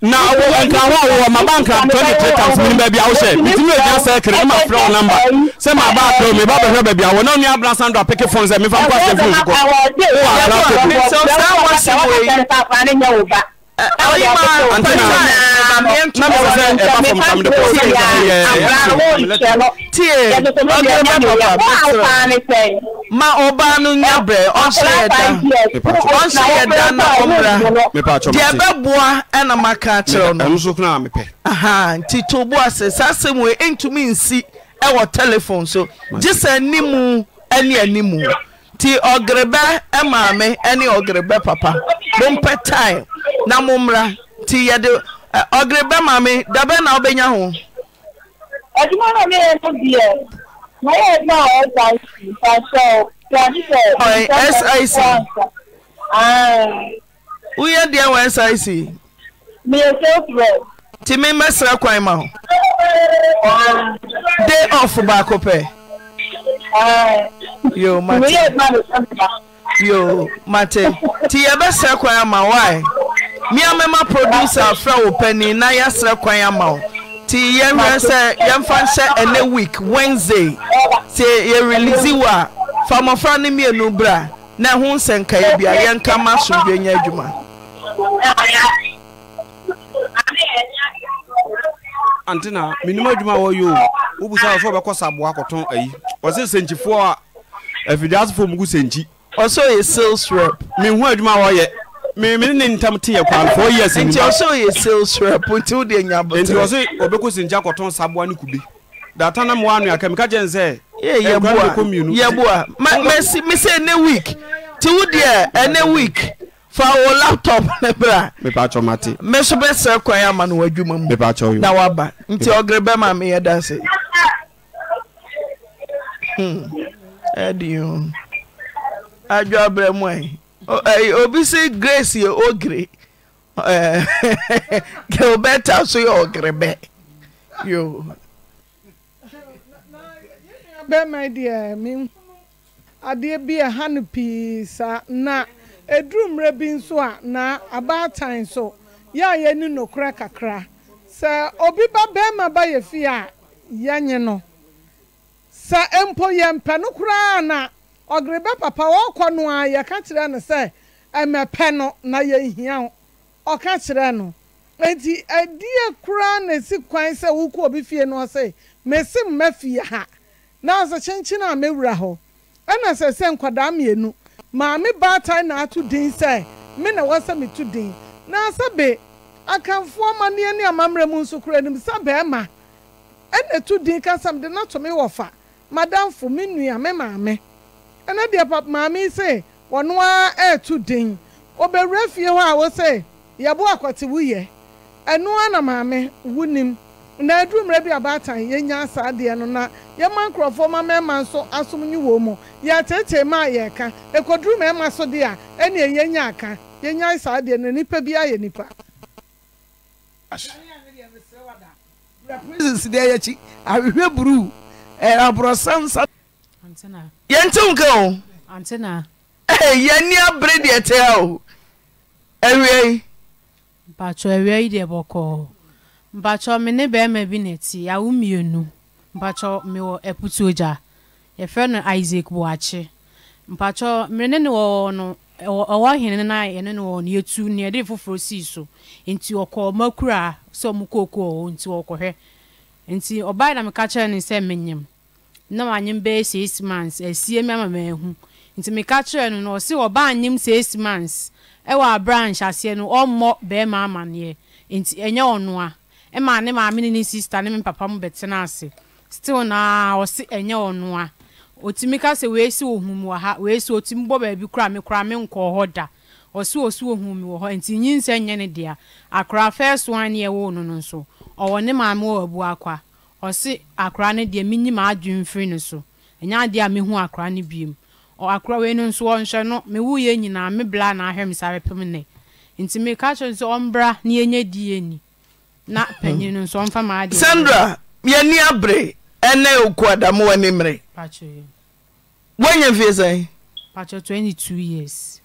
na nka ho a wowɔ maba twenty three times mene baabi a wohyɛ metumi agya sɛ kere ma frɛ wo namba sɛ maba atrɛ meba bɛhwɛ baabi a wɔna nua abra sando apeke fon sɛ mefa nkɔ asɛ fi wo kɔ wowɔ abra kɔ ma ɔbaa no nya brɛ ɔnhyɛ yɛ da ɔnhyɛ yɛ da na ɔmmra deɛ ɛbɛboa ɛna maka akyerɛ no nti to bo ase saa asɛm wei ɛntumi nsi ɛwɔ telephone so gye sɛ animu ɛne animu ọgịrịba ɔgerebɛ maame ne ọgịrịba papa mompɛ tae na mommra nti yɛde ɔgerebɛ eh, maame dabe na wobɛnya ho sic woyɛ deɛ wɔ sic nti memmɛsrɛ kwan ma ho day off baako pɛ yo mate yo mate ti yɛbɛsrɛ kwan ama wae mia mɛma producer afrɛ wo pani na yɛsrɛ kwan ama wo ti yɛnhwɛ sɛ yɛmfa nhyɛ ɛnɛ week wednesday sɛ yɛrelisi wo a fa mmɔfra mmienu bra na ɛho nsɛnkaeɛ bi a yɛnka ma asomdwe nya adwuma ante menim adwuma wɔyɛ o wobusa sɛ wobɛkɔ saboa akɔtɔn ayi ɔse sɛnkyifoɔ a afidiasefoɔ mu gu sɛnkyi ɔsɛ ɔyɛ sales rep mehu adwuma a wɔyɛ mene ne ntam te yɛ kwan four years nti ɔsɛ ɔyɛ sales rep nti wode anya bɔtɔ nti ɔse ɔbɛkɔ sɛnkyi akɔtɔn saboa ne kube data na mmoa ano aka meka kyɛn sɛ yɛboa me mesɛ ɛnɛ week nti wodeɛ ɛnɛ week fa wo laptop ne bra mepatwɔ mate me so bɛsrɛ kwan ama no w'adwuma mu na waba nti ɔgere ma me da se ɛdi adwo abrɛ mu obi si grace yɛ ogre ɛɛ gilberta so yɛ ɔgre bɛ yo. bɛrima adeɛ bi ɛha no pii saa na ɛduru mmerɛ bi nso a na abaatan so yɛ a yɛni nokorɛ kakra sɛ obi ba bɛrima ba yɛ fie a yɛnye no sɛ mpo yɛmpɛ no koraa na ɔgereba papa wɔrekɔ no a yɛka kyerɛ no sɛ ɛmɛpɛ no na yɛhia wo ɔka kyerɛ no enti adie koraa na esi kwan sɛ wokɔ obi fie no ɔse mesi mma fie ha na ɔsɛ kyenkyen a mewura hɔ ɛna sɛ sɛ nkwadaa mmienu maame baatan na ato din sɛ me na wɔsɛ meto din na be akamfoɔ amanneɛ ne amammerɛ mu nso kora anim sɛ bɛrima ɛna ɛto din kasam de no to me fa. madamfo me nua me maame ɛna deɛ papa maame sɛ wɔn ara den obewura fie hɔ a wɔsɛ yɛbo akɔte wuyɛ ɛnoa na maame wunim na aduru mmerɛ bi abaatan yɛnya asaa deɛ no na yɛma nkurɔfoɔ ma mmarima nso asom nyi wɔn mu yɛatetee a yɛreka mmarima so deɛ a ɛna yɛnya aka yɛnya saa na nipa bi ayɛ nipa. Aborosan aborɔsansa yɛntew nka o yɛni abere deɛ ɛtea o awiai mpakyɛ awia yi deɛ bɔkɔɔ mpakyɛ me ne bɛrima bi na ti awo mmienu mpakyɛ mewɔ aputuo gya yɛfrɛ no isaac boakye mpakyɛ mmere ne ne wɔwɔ no ɔwɔ hene no a yɛne no wɔ no yɛtu ne yɛde foforɔ sii so nti ɔkɔɔ makura sɛ ɔmo kookoo ɔ nti ɔkɔhwɛ nti ɔbaa na meka kyerɛ no sɛ menyam na wanyem bɛyɛ six months asie mi ama maahu nti meka kyerɛ no na ɔse ɔbaa nyem six months ɛwɔ abra nhyɛseɛ no ɔmmɔ bɛrima amanneɛ nti ɛnyɛ ɔnoa ɛma ne maame ne ne sista ne me papa mo bɛtena ase still naa ɔse ɛnyɛ ɔnoa otumi ka sɛ ohun wɔ ha weesi otumi bɔ baabi kora me kora me nkɔ hɔ da ɔse osi ohun wɔ hɔ nti nyinsɛ nyɛ ne dea akora fɛɛso a ne ɛwɔ no no nso. ọwọ ne maame wɔ abu akwa ɔse akora no deɛ menyi maadwe mfiri no so ɛnyɛ adeɛ a mehu akora no biom akora wei no nso ɔnhwɛ no mewuyɛ nyinaa me bla na ahwɛ me sa bɛpem nti meka kyerɛ sɛ ɔmbra na yɛnyɛ die ni na panyin no nso ɔmfa maade sandra yɛni abere ɛnɛ oku adamo w'ani mmerɛ woanya fie sɛn twenty two years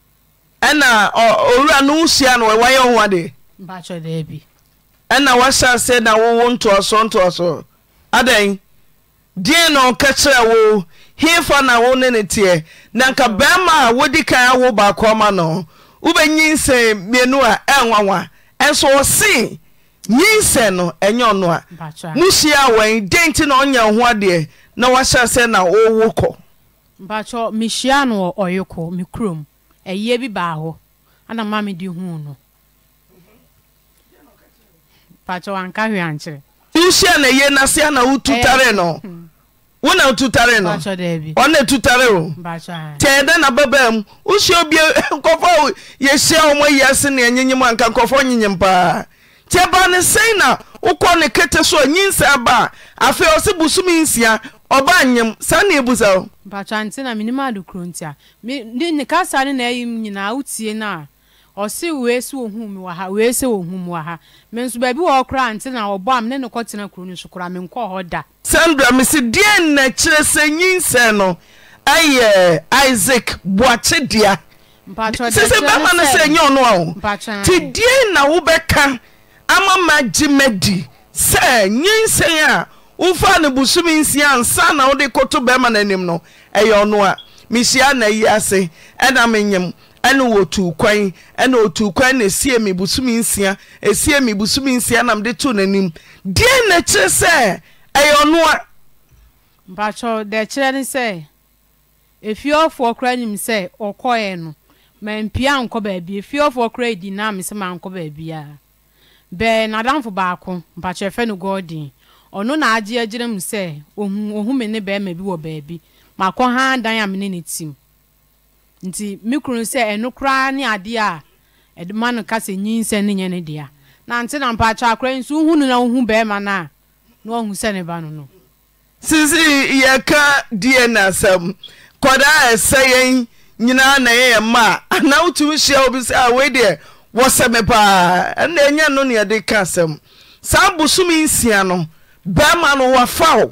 ɛna owura no sua no wɔwayɛ ho ade ɛna woahyɛ ase na wowo ntoasoɔ ntoasoɔ adɛn deɛ na ɔka kyerɛ wo hefa na wo ne ne teɛ na anka bɛrima a wodi kan awo baakoama no wobɛnyinsɛ mmienu a ɛwawa ɛnso ɔsee nyinsɛ no ɛnyɛ ɔno a mohyia wɔn na ɔnyɛ wo ho adeɛ na woahyɛ sɛ na wɔwo kɔ mpakyɛ mehyia no wɔ ɔyokɔ me kurom ɛyɛ bi baa hɔ ana mamede huu no wohyia na ye na sea na wotutare no hmm. wona wotutare no ɔne tutare o tɛɛ dɛ na babaa mu wohyia obi nkɔfɔ yɛhyia wɔ mɔ ayi ase ne anyinyim anka nkɔfɔ nyinyim paa nti ɛbaa ne sɛn na wokɔ ne kete so a nyinsa ba a afei ɔse bosom nsia ɔba nyim saa ne ɛbu sa naa. ɔse wei sɛ ɔhum wɔ ha wei sɛ ɔhum wɔ ha me nso baabi wɔ na ɔbɔ am ne ne kɔtena kuro no so koraa hɔ da sandra sɛ no ɛyɛ isaac bɛma no sɛ ɔno a wo nti deɛ ama sɛ a nsia na wode kɔto bɛrima no anim no ɛyɛ ɔno a mehyia na ayi ase ɛna ɛne wɔtuu kwan ɛna ɔtuu kwan na ɛsie me bosomi nsia ɛsie me bosomi nsia na mede too n'anim deɛ na kyerɛ sɛ ɛyɛ ɔnoa mpakyɛw dɛ kyerɛ ne sɛ ɛfieɔfoɔ koraa nim sɛ ɔkɔɛ no mpia nkɔ baabia fieɔfoɔ koraa ɛdi na maa nkɔ mankɔ baabiaa bɛɛ n'adamfo baako mpakyɛw fɛ no gordon ɔno na agye agyerɛ mu sɛ ohu me ne bɛrima bi wɔ baabi makɔ haa dan amene mene ne tim ntime ko sɛ ɛno koraa neadeɛ admanokasɛyisɛne ɛedenant na mpaaaa iwahuɛasisi yɛka dianɛasɛm kɔda a ɛsɛ yɛn nyinaa na ɛyɛ ma a anaa wotumi hyia wɔ bi sɛ a ah, wei deɛ wɔ sɛ me baa ɛnde nyano neyɛde ka sɛm saa bo som nsia no bɛima nowɔfaw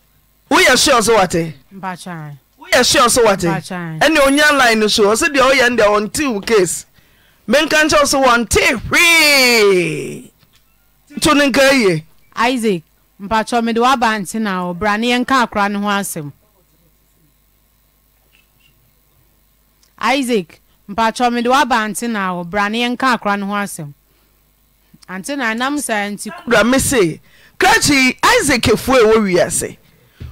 woyɛ hyeɛ so wate woyɛ hyeɛ so wate ɛne onya line no so ɔsɛ deɛ woyɛ n ɔnte wo case menka nkyɛ wo so wɔnte hwee nto no nka yie isaac mpakyɛ mede woaba nte na ɔbra ne yɛnka akora ne ho asɛm isaac mpakyɛ mede woaba nte na ɔbra ne yɛnka akora ne ho asɛm ante na nam saa nti kura me se krakyi isaac efue wɔ wiase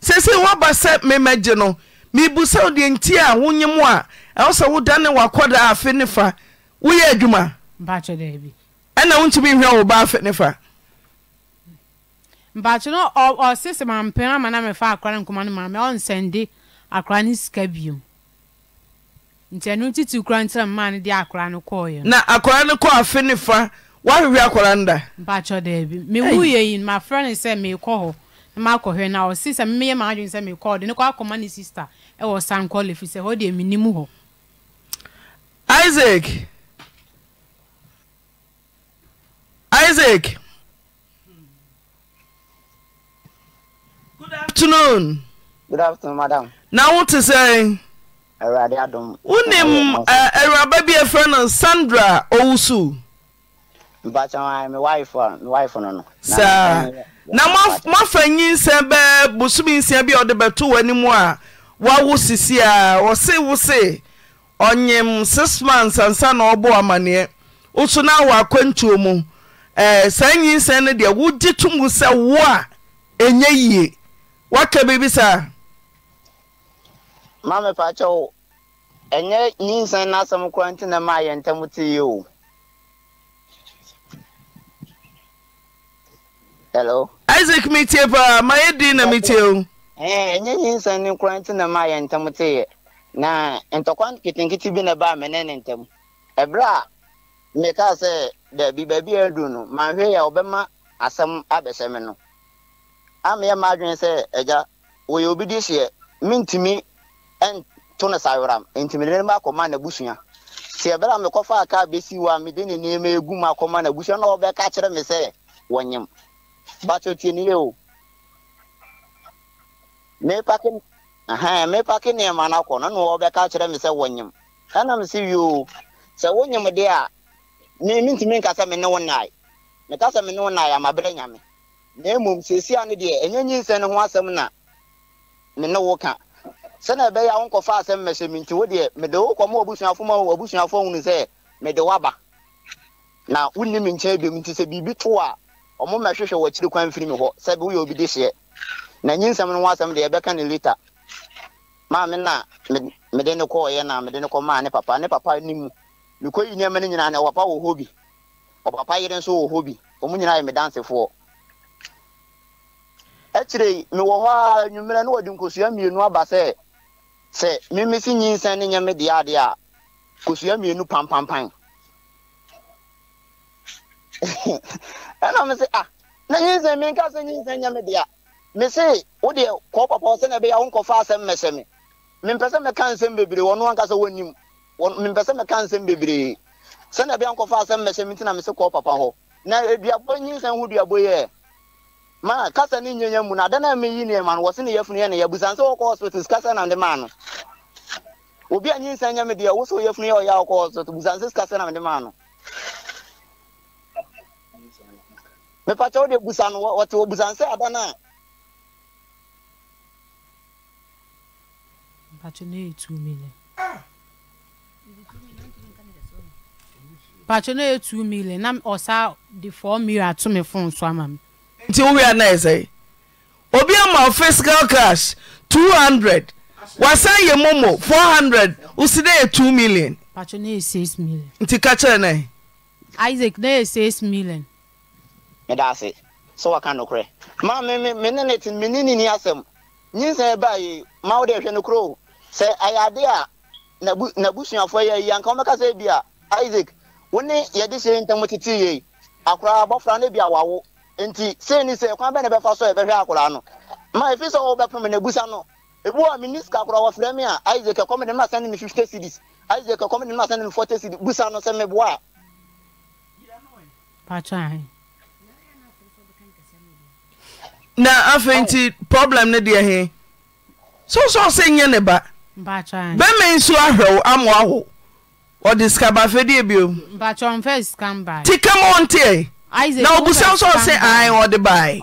seesei woaba sɛ memɛgye no mibu sɛ wodeɛ nti a wonye m a ɛwo sɛ wodane wakɔda afe ne fa woyɛ adwuma ɛna wontumi nhwɛ wo ba afe ne fa mpaakye no ɔsese mampɛn ama na mefa akora nkoma no maame ɔnsɛnde akora ne sika biom nti ɛno titi kora nkyerɛ mmaa no de akora no kɔɔyɛ na akora no kɔ afe ne fa woahwehwɛ akora no da mpakyɛ daabi mewu yɛ yi mafrɛ ne sɛ meekɔ hɔ maakɔhwɛ no ɔse sɛ memeyɛ maadwene sɛ mekɔɔde ne kɔ akɔma ne sister ɛwɔ sankɔ lefi sɛ hɔ deɛ hɔ isaac isaac good afternoon good afternoon sɛ awurade adom wonim eh, awuraba bi afrɛ no sandra owusu mpakyɛ mewifo no no saa na moafa nyi nsɛ bɛɛ bosome nsia bi a ɔde bɛto w'animu a woawo sisi a ɔse wo se ɔnyem sisman sansa na ɔbɔ amanneɛ woso no awɔ akwantuo mu saa nyinsɛn no deɛ wogye tom sɛ wo a ɛnya yie woaka biribi saa ma mepaakyɛ wo ɛnyɛ nyinsɛn n'asɛm kora nti na maa yɛ ntam teyɛ o hello isaac metie paa ma yɛ din na metie o ɛnyɛ eh, nyinsɛn ne kora nti na ma yɛ ntam teeɛ na ntɔkwa nketenkete bi na ɛbaa me ne ne ntam ɛberɛ a mekaa sɛ daabi baabi a e adu no manhwɛ yɛ wɔbɛma asɛm abɛsɛ me no ameyɛ ma adwene sɛ agya wɔyɛ obi de hyeɛ mentumi nto no saweram ntimi ne no akɔma n'abusua sɛ ɛberɛ a mekɔfaa kaa bɛsi hɔ a mede ne nneɛma ɛgu mu akɔma n'abusua na wɔbɛka kyerɛ me sɛ wɔnyem bachochin'ihe mepaki ne ma na kɔ no na wɔbɛka kyerɛ me sɛ wɔnyem ɛnam sɛ yoo sɛ wonyem deɛ a mentumi nka kasa me ne wo nae kasa sɛ me ne wo nae amaberɛ nyame na mmom seesia no deɛ enye nyinsɛ no ho asɛm na me ne wo ka sɛna ɛbɛyɛ a wonkɔfa asɛm mɛhyɛ me nti wo deɛ mede wo kɔma abusuafoɔ ma abusuafoɔ hunu sɛ mede woaba na wonni me nkyɛn biom nti sɛ biribi to a ɔmo mɛhwehwɛ wɔ akyiri kwan mfiri mi hɔ sɛ bi woyɛ obi de hyɛ na nyinsɛm no ho asɛm deɛ ɛbɛka ne lita maame na mede ne kɔɔyɛ na mede ne kɔmaa ne papa ne papa ne mu mekɔyi nneɛma no nyinaa na ɔpapa wɔ hɔ bi ɔpapa yere nso wɔ hɔ bi ɔmo nyinaa yɛ me dansefoɔ akyire mewɔ hɔ a nwummerɛ no wɔde nkosua mmienu aba sɛ sɛ memesi nyinsɛn ne nyɛ me deɛ adeɛ a kosua mmienu pampampan ɛna m sɛ ah, na nyinsɛn mi sɛ nyinsɛn nyɛ me dea me se pɔpɔ na ɛbɛyɛ wo nkɔfa asɛm mɛsɛ me mempɛ sɛ mɛka nsɛm bebree wɔno ankasa wɔnim mempɛ sɛ mɛka nsɛm bebree asɛm me se papa hɔ na eh, ho duabɔ yɛ ma kasa ne nyanya mu ada meyi no wɔse ne yɛfunu yɛ ne sɛ wɔkɔ hospital na maa no obi a nyɛ me deɛ wo sɛ yɛ ɔyɛ na maa no mepatɛ wode busa no wɔte wɔbusa sɛ ada no a mpatwo no yɛ two million mpatwo two million na ɔsa de four million ato me fon so ama me nti wowia na ɛsɛ obi ama physical cash two hundred wasan yɛ momo four hundred wosi yɛ two million mpatwo no yɛ six million nti ka kyerɛ nɛ isaac na yɛ six million meda ase sɛ waka nokorɛ ma mene ne te mene ne ni asɛm nyinsa ɛba e ma wode ɛhwɛ no korɔ sɛ ɛyɛ ade a n'abusuafoɔ yɛ yi anka wɔmɛka sɛ bi a isaac wo ne yɛde hyɛ ntam abɔfra e no bi e a wawo nti sei ni sɛ kwan bɛ so a ɛbɛhwɛ akoraa ma efi sɛ wɔbɛpem n'abusa no a mini sika wɔfrɛ a isaac ɛkɔm ne mu ne isaac ɛkɔm na afei nti oh. problem no deɛ so sosoo sɛ nyɛ ne ba bɛmɛ nso ahwɛwo ama awo ɔde sikabafɛdeɛ biomti ka ti ɔnteɛ na ɔbusa wo sɛ ɔ sɛ ae ɔde bae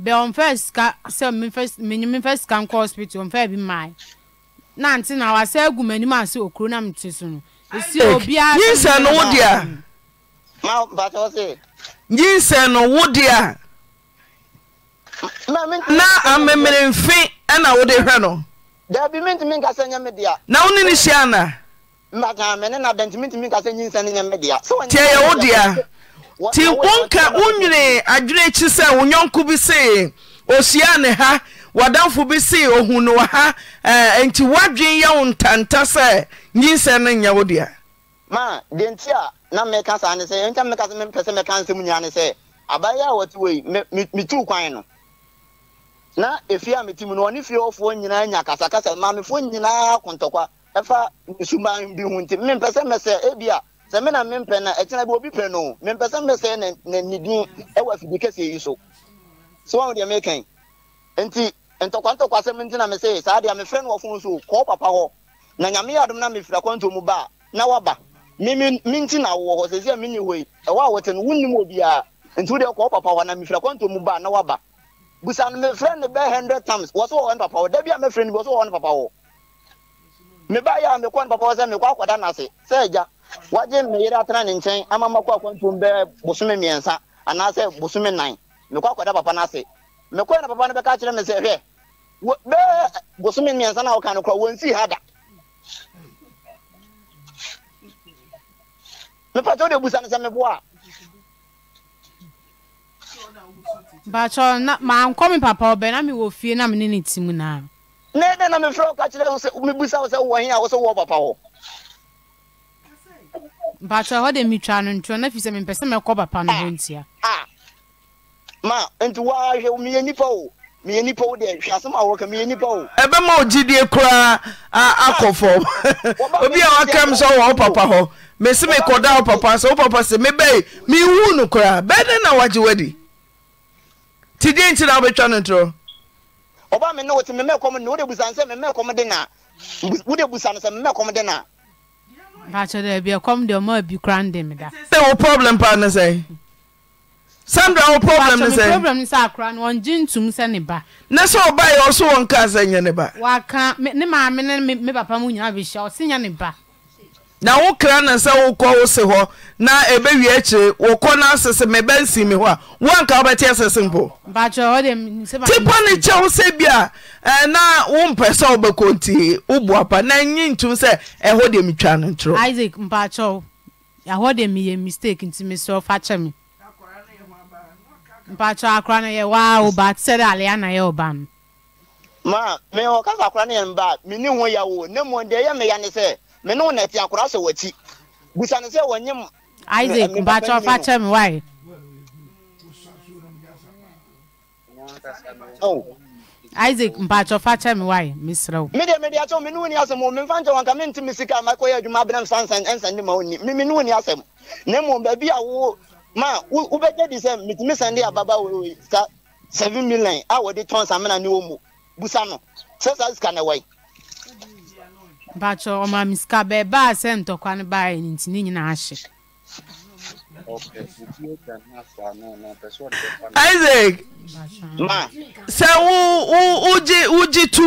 bɛɔmfɛ sika sɛ menyimemfɛ sika nkɔ hospital ɔmfɛ bi mae na nti na wasɛ agu m'anim ase okuro na mete so no ɛsi obiaa nyinsɛ no wo dea yinsɛ no wo a na amemere mfe na wode hwɛ no na onye ne hyia ana tiɛ yɛ wo dea nti wonka wonwene adwene akyi sɛ wo bi see osiaa ne ha w'adamfo bi see ohu ha enti eh, woadwen yɛ wo ntanta sɛ nyinsɛ na mmeka saa ne sɛ nkyɛn mmeka sɛ mepɛ sɛ meka nsɛm nyinaa ne sɛ abayewa a wɔte wɔ yi kwan no na efie a meti mu no ɔne fie ɔfoɔ nyinaa nya kasakasa maamefoɔ nyinaa kɔntɔkwa ɛfa suban bi ho nti mempɛ sɛ mɛsɛ ebi a sɛ me na mempɛ na ɛkyena bi obi pɛ no mempɛ sɛ mɛsɛ na na ne din ɛwɔ afidie kɛseɛ yi so so wɔn deɛ mekan nti ntɔkwa ntɔkwa sɛm nti na mesɛ saa deɛ mefrɛ no wɔ fon so kɔɔ papa hɔ na nyame yɛ adom na mefira mu ba na waba minti na wɔ hɔ mini sɛ mene hɔ yi ɛwɔ a wɔte nti na mifira akwanto mu baa na waba busa no mefrɛ bɛ hundred times wɔ wɔ hɔ papa hɔ da a bi wɔ meba a mekɔ no papa hɔ sɛ mekɔ akɔda wagye atena ne nkyɛn ama bosome mmiɛnsa anaasɛ bosome nan mekɔ papa na papa no bɛka me sɛ hwɛ bosome no mepatɛ wode busa no sɛ meboa bakyɛ na mankɔ me papa ɔbɛ na mewɔ fie na mene ne ti mu naa ne dɛ na mefrɛ wo ka kyerɛ wo sɛ mebusa wo sɛ wowɔ he a wo sɛ wowɔ papa wɔ bakyɛ hɔ de metwa no ntoɔ na firi sɛ mempɛ sɛ mɛkɔ papa no hɔ ntia ah, ah. ma nti woahwɛ meyɛ nnipa o meyɛ nipa wo deɛ hwɛ asɛm a wɔka meyɛ Ebe mo ji wo gyidie koraa akɔ fam obi a waka m sɛ wɔ wo papa hɔ mesi mekɔda wo papa sɛ wo papa sɛ mebɛe mewu no koraa bɛɛdɛn na wagye wadi nti deɛ nti na wobɛtwa no ntorɔ ɔba me ne wote memɛkɔm ne wode busa sɛ memɛkɔm de na wode busa no sɛ memɛkɔm de na baakyɛ dɛ bi ɛkɔm deɛ ɔma abi koraa nde meda sɛ wo problem paa ne sɛe sandra wo problem ne sɛ ne sɛ ɔbaeɛ ɔ so wɔ nkaa sɛ nyɛ ne ba na wo kra na sɛ wokɔ wo se hɔ na ɛbɛwie akyire wokɔ no asese mebɛnsi me hɔ a woanka wobɛte asese mpo ti pɔ ne kyɛ wo sɛ bi a na wompɛ sɛ wobɛkɔ nti woboa apa na nye ntum sɛ ɛhɔ deɛ metwa no ntorɔ mpatsɔ akora no yɛ waa ɔba sɛ de ale ana ɔba no. maa mi wɔ kasa akora no yɛ mba mi ni ho ya ne mu deɛ yɛ mi ya ne sɛ mi ni ho na ti akora sɛ wɔkyi oh. busa ne sɛ wɔnyɛ mu. isaac mpatsɔ fakyɛ mi waaye. isaac mpatsɔ fakyɛ mi waaye mi srɛ o. mi de mi de akyɛw mi ni ho ni asɛm o mi nfa nkyɛn wɔn ka mi nti mi sika ma kɔ yɛ adwuma abinam sansan ɛnsan ne ma o ni mi mi ni ho ni asɛm ne mu baabi awo. ma wobɛgye di sɛ metumisa ndi ababa sika seven million a wɔde tɔn samina ni wɔn mu busa no sɛ saa sika na ɛwɔ yi. bàtchɛ ase sika e, baa sɛ ntɔkwa no nti ne nyinaa isaac ma sɛ to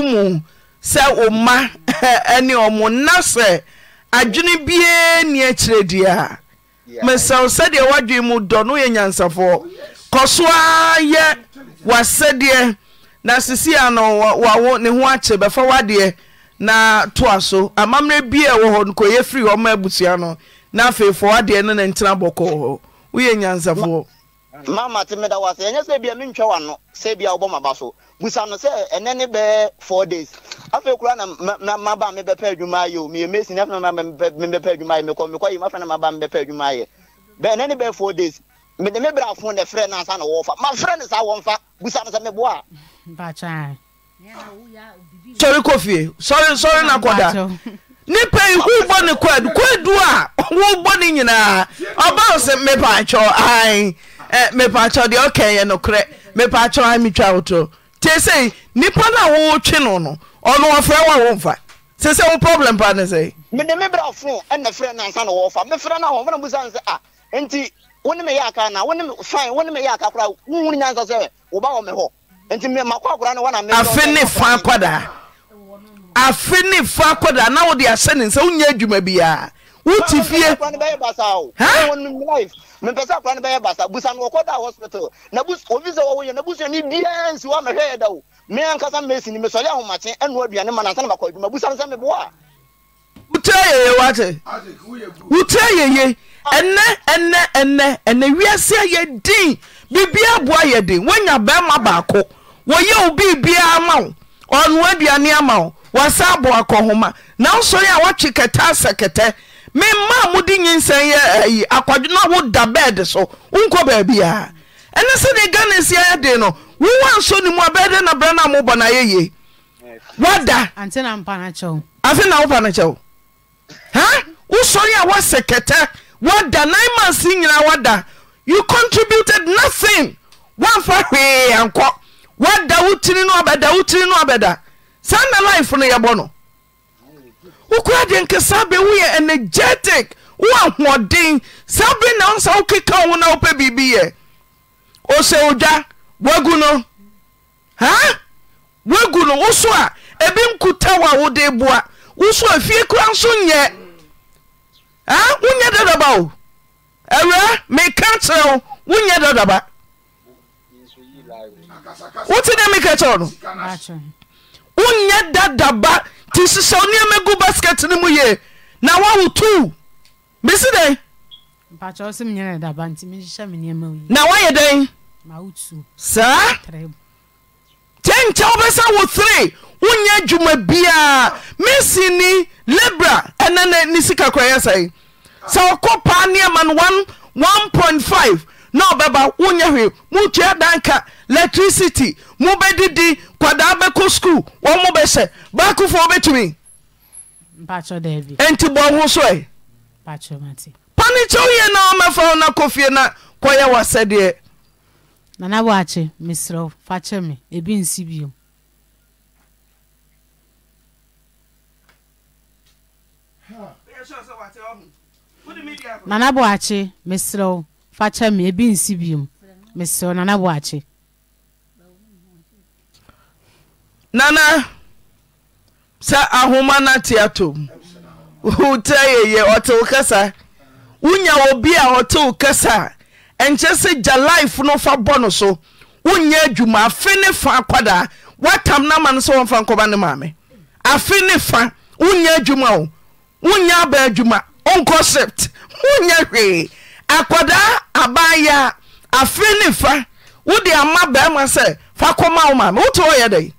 mu sɛ adwene biaa nni akyirɛ deɛ a mesɛwo sɛdeɛ woadwene mu dɔ no woyɛ nyansafoɔ oh, kɔ yɛ wasɛdeɛ na sisi a no wawo ne ho akyɛ bɛfa na toa so amammerɛ hɔ firi hɔ ma abusua no na afei wadeɛ no ntena hɔ woyɛ nyansafoɔ mama te meda wase ɛnyɛ sɛ bia mentwa wano sɛ bia wobɔ maba busa no sɛ ɛnɛ ne bɛɛ four days afei kura na na maba mi bɛpɛ adwuma yɛ o mi emesi ne afei na mi bɛpɛ adwuma yɛ mi kɔ mi kɔ yi ma fɛ na maba mi bɛpɛ adwuma yɛ bɛɛ ɛnɛ ne bɛɛ four days mi de mi bira fun ne frɛ na san na wɔfa ma frɛ ne san wɔnfa busa no sɛ mi bɔ a. bàtà. sɔri kò fie sɔri sɔri na kɔ da nipa yi hu bɔ ne kɔɛdu kɔɛdu a hu bɔ ne nyinaa ɔbaa sɛ mipa atwɔ ayi ɛ mipa atwɔ deɛ ɔkɛ yɛ no korɛ mipa atwɔ ayi mi twa wotoro. kyɛɛ nipa nnipa no twi no no ɔno wɔfrɛ wo a womfa problem pa ne sɛi mede me brɛ fo ɛna frɛ nansa na wɔfa mefrɛ na sɛ a nti wo ne meyɛ aka na wone fine wo ne aka koraa wohu nyansa sɛ woba wɔ me hɔ makɔ akora no wana ne fa na ahyɛ ne wuti fie. akora ne bɛyɛ basa o. hɛn wɔn nim life mipɛsɛ akora ne bɛyɛ basa busanu wɔkɔ da hospital na bus obi sɛ wɔwɔ yɛ na busu ni biara nsi wa mɛhwɛ yɛ da o mi ankasa mɛsi ni misɔli ahomakye ɛnu aduane ma nansan bakɔ adwuma busanu sɛ mi bɔ a. wutire yeye wate wutire yeye ɛnɛ ɛnɛ ɛnɛ ɛnɛ wiase yɛ din bibi aboa yɛ din wɔnya bɛrima baako wɔyɛ obi biara ama wo ɔnua aduane ama wo wɔasa aboa kɔ homa na nsɔre a wɔtwe kɛtɛ asɛ kɛtɛ mmaa mode nyinsɛn yɛ ayi eh, akwadwo na woda bɛɛde so wonkɔ baabi a ɛne sɛdeɛ ghana si ayɛ de no wowɔ ansɔ ne mu a bɛɛde na berɛ no a mobɔ no ayɛ ye wada afe na wopa no kyɛw ha wosɔre a woasɛ kɛtɛ wada nine months nyinaa wada you contributed nothing woamfa hwee ankɔ wada wo tiri no abɛda wo tiri no abɛda saa na life no yɛbɔ no wokora deɛ nkesa be woyɛ energetic woa hoɔden saa bere na wo wokeka wo ho na wopɛ biribi yɛ osɛ odwa woagu no ha woagu no wo so a ebi nkuta wo a wode boa wo so a fie kora nso nyɛ a wonyɛ dadaba o awura meka kyerɛ wo wonyɛ dadaba wote dɛ meka kyerɛ no wonyɛ dadaba nti hyehyɛ nneɛma gu basket no mu yie na woawotuu bɛsi dɛn na woayɛ dɛn saa kyɛnkyɛ wobɛsɛ wo tire wonyɛ adwuma biaa Misi ni libra ɛna ne sika korayɛ sɛe sɛ wɔkɔ paa nneɛma no five. na ɔbɛba wonyɛ hwee motua da nka electricity mobɛdidi kwadaa bɛkɔ skuul wɔ mobɛhyɛ baakofoɔ wobɛtumi enti bɔ ho soe pane kyɛ woyɛ na ɔmɛfa wo no kɔfie na kɔyɛ wasɛdeɛ nana bɔakye mesrɛ fakyɛ me ebi nsi biom nana bɔakye mesrɛ wo ana sɛ ahoma nate atom ta yy ɔte wo kɛsa wonya ɔbi a ɔtewo kɛsa a ɛnkyɛ sɛ gya lif no fa bɔ no so wonya adwuma afe ne fa kadaa woatam nama no sɛ wfa nkɔbane maame afe ne fa wonya adwuma o wonya abaa adwuma nkɔ sipt wonya hwee akwadaa aban yɛ a ne fa wode ama barima sɛ fa kɔma wo ma wote wɔyɛ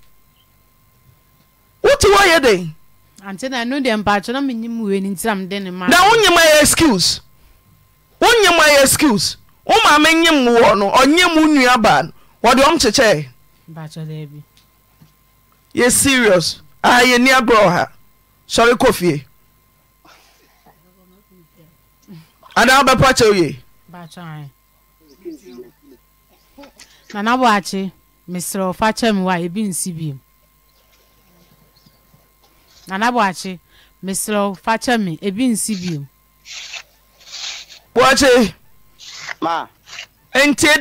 na wonyima yɛ excuse wonyima yɛ excuse wo maa menyim wɔ no ɔnyim wo nnua baa no wɔde ɔm yɛ serious a agorɔ ha sɔre kɔ ana wobɛpa kyɛ woye nana boakye meserɛ ɔfa ebi nsi biem nana boakye meserɛ ɔfa kyɛ me ebi nsi biem boakye ma ntie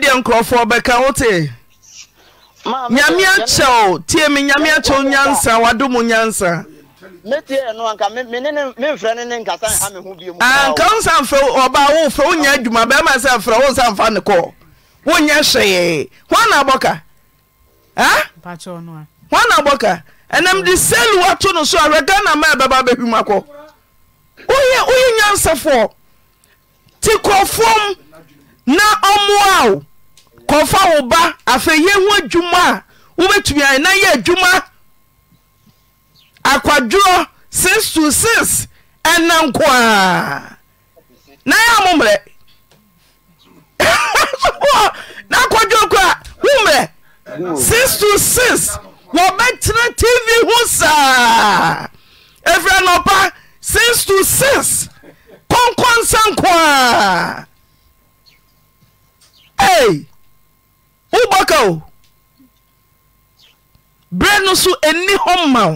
meti ɛnu anka mi ne ne mi nfrɛ ne ne nkasa ha mi ho bi mu. anka n san fɛ ɔba wo fɛ o nya adwuma bɛrima sɛ fɛ o san fa ne kɔ o nya hwee wɔn na abɔ ka wɔn na abɔ ka ɛnam de sɛli wato no so ahwɛ ghana mmaa bɛba abɛhwi mu akɔ oyɛ oyɛ nyansafoɔ ti kɔ fam na ɔmoa o kɔfa wo ba afɛ yɛ ho adwuma a wobɛtumi ayɛ na yɛ adwuma akwadworɔ six to six ɛna nko na yɛ mo na akwadworɔ ko a ho mmerɛ six to six wɔbɛtena tv ho saa ɛfiri anɔpa six to six kɔnkɔn nsa nko a ei wobɔ o berɛ no so ɛni hɔ ma wo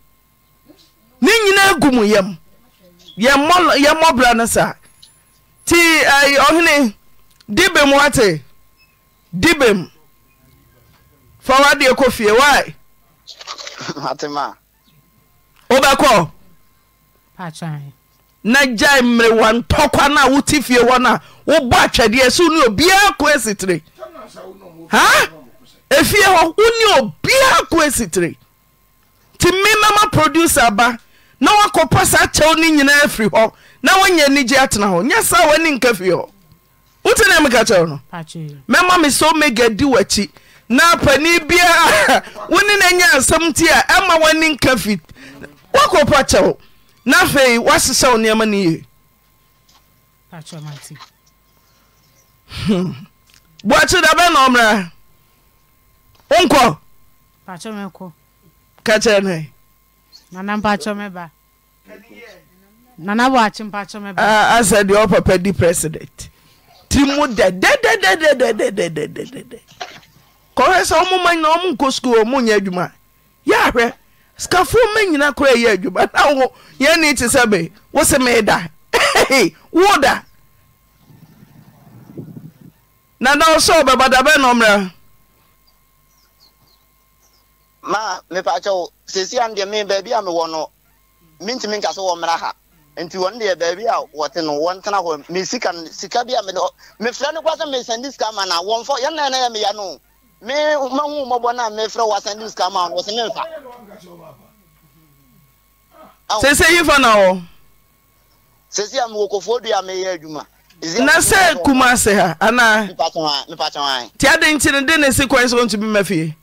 ne nyina gu mu yam yɛ mmɔbra no sa nti ɔhene di ba m hate di ba m fa wodeɛ kɔ fie obɛkɔ na gyae mmerewan pɔ ka no a woti fie hɔ no a wobɔ atwɛdeɛ sɛ wone obiara ko asitire a efie hɔ wonni obiara ko asitire nti memama produse ba na woakɔpɔ sa kyɛw no nyinaa afiri hɔ na wonya nigye atena hɔ nyɛ sa w'ani nka fi hɔ wotinem ka kyɛw no mɛma mesɛo mɛgadi wakyi na pani biara woni no anya asɛm ti a ɛma w'ani nka fi wokɔpɔ kyɛw na afei woasyesyɛwnneɔma no hmm. yeo ka kyɛ n asɛ deɛ ɔpapa di president de de dɛdɛdɛdɛdɛdɛdɛdɛdɛ kɔhwɛ sɛ ɔmoma nyina ɔmo nkɔ skuul ɔmo nyɛ adwuma yɛahwɛ sikafoɔ ma nyina kọrọ ɛyɛ adwuma na wo yɛni te sɛ be wo se meeda na da nana ɔsɛ ɔbɛbada bɛ nɔmmerɛ ma mepaakyɛw sesia no deɛ me baabi a mewɔ no mentumi nka sɛ wɔmmra ha nti wɔn deɛ baabi a wɔte no wɔntena hɔ me sika no sika bi a mede mefrɛ no kora sɛ mesɛnde sika ma na wɔmfɔ yɛnna ɛna yɛ meya no me mahu mmɔbɔ no a mefrɛ wɔasɛnde sika ma no wɔse memfa sɛsɛ yifa na wɔ sɛsi a mewɔ kofoɔ dua meyɛ adwuma na sɛ kuma ase ha anaa nti adɛn nti no de ne si kwan sɛ wɔntumi ma fie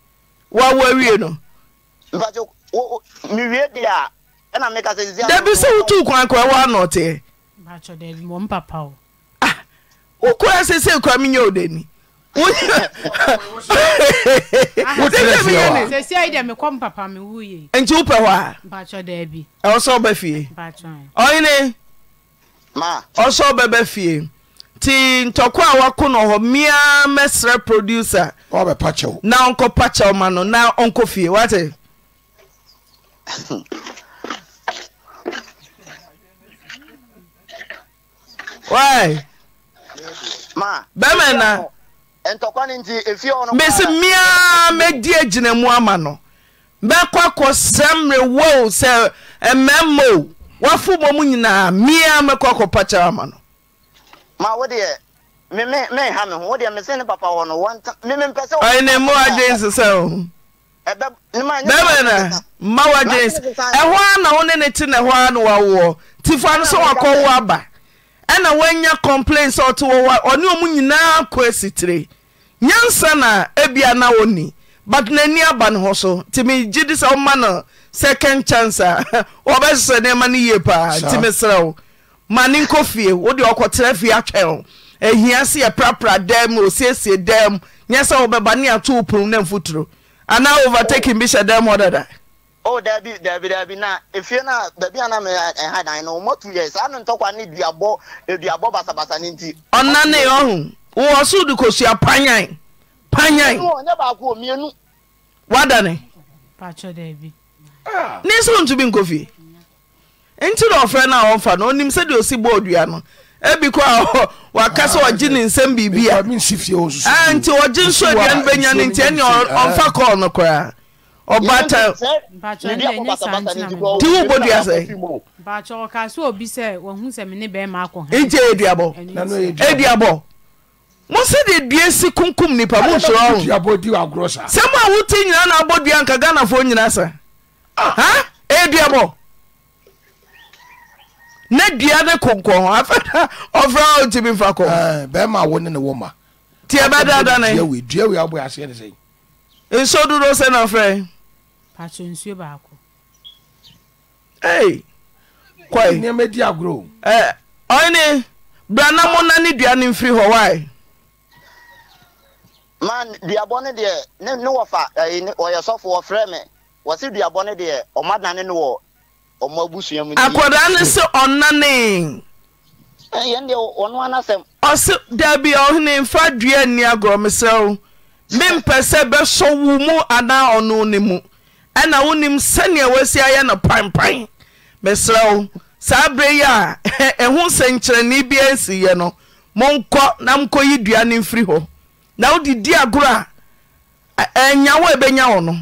woawoawie no e da e ah, bi sɛ wotu kwan koa woanɔteɛ wokoa sɛ sɛ koa menyɛ wo dani nti wopɛ hɔ a ɛwɔ sɛ wobɛ fie ɔyene ɔsɛ wobɛbɛ fie nti ntɔko a woako no hɔ meaa mɛsrɛ produser na ɔnkɔ pakyɛw ma no na ɔnkɔ fie wate bɛima na mɛsi mmea mɛdi agyinamu ama no mɛkɔ akɔ sɛmmerɛ woo sɛ mama o woafo mɔ mu nyinaa mmea mɛkɔ akɔ pakyɛw ama no ma wo deɛ me ho wo deɛ mese papa wɔ no mempɛ sɛ ɔne mma wagye nsesa o bɛma na mma wagye nse ɛhɔ a na wo ne ne te na ɛhɔ a na wawoɔ tifa no sɛ wakɔ wo aba ɛna woanya complain sɛ ɔte wɔwɔ ɔne nyinaa kɔ na ebia na but n'ani aba ne so nti di sɛ woma no second chance a nneɛma no yie paa nti mane nkɔ fie wode ɔkɔtera fie atwɛwo ahia sɛ yɛ prapra dam osiesie dam nyɛ sɛ wobɛba ne atoo pom na mfoturo anaa overtaking bi hyɛ dam hɔ dada o oh, daabi daabi daabi na efie na beebi anam eh, ɛha dan no ɔmɔ tu yɛ saa ne ntɔkwa ne duabɔ eduabɔ eh, basabasa ne nti. ɔna ne ɔho wɔ so de kosua panyan panyan. ɛnu ɔnyɛ baako omienu. wada ne. pàtó dɛbi. ne nso ntumi nkɔ nti na ɔfrɛ no a ɔmfa no onim sɛdeɛ osi bɔɔ dua no ebi kɔ a waka sɛ ah, ɔgye ne nsɛm biribi a ah, nti ɔgye nso adua no bɛnya no nti ɛne ɔmfa kɔɔ no koraa ɔbata nti wobɔ dua sɛ nti ɛduabɔ ɛduabɔ mo sɛ deɛ dua si kunkum nnipa mo nsoro ɔho sɛm a wote nyina na abɔ dua nka ghanafoɔ nyina sa ah. ha ne dua ne konkɔn afɛna ɔfra ɔntimi mfa kɔ eh, bɛma wo ne ne woma nti ɛbɛdada ne dua wei abɔ aseɛ ne sɛ nsuo dodo sɛ na frɛ pato nsuo baako ei kɔi nneɛma di agorɔ ɛ ɔne bra na mo na ne dua ne mfiri hɔ wae man duabɔ ne deɛ ne ne wɔfa ɛyi ɔyɛ sɔfo wɔfrɛ me wɔsi duabɔ ne deɛ ɔma no wɔ akwadaa no sɛ ɔnane ɔse daabia ɔhene nfa dua nni agorɔmesɛwo mempɛ sɛ bɛsɔ wo mu anaa ɔno ne mu ɛna wonim sɛnea woasi ayɛ no panpan mesrɛ wo saa berɛ yi a ɛho sɛnkyerɛnne biaa nsiiɛ no nkọ na monkɔ yi dua ne mfiri hɔ na di agorɔ a ɛnya wo a ɛbɛnya no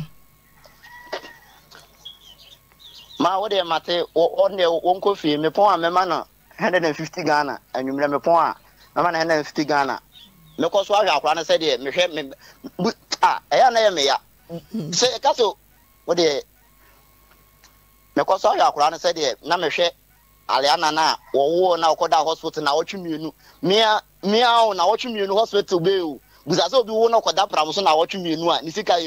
ma wo deɛ mate ɔn deɛ wɔnkɔ fie mepɔn a mɛma no hundred and na ghana anwummerɛ mepɔn a mɛma so a na yɛ ya mhm. sɛ ɛka so wo deɛ mekɔ so ahwɛ na mehwɛ alea a na wɔkɔda hospital na wɔtwe mmienu na wɔtwe mmienu hospital bee o so obi wo na pram so na mmienu a sika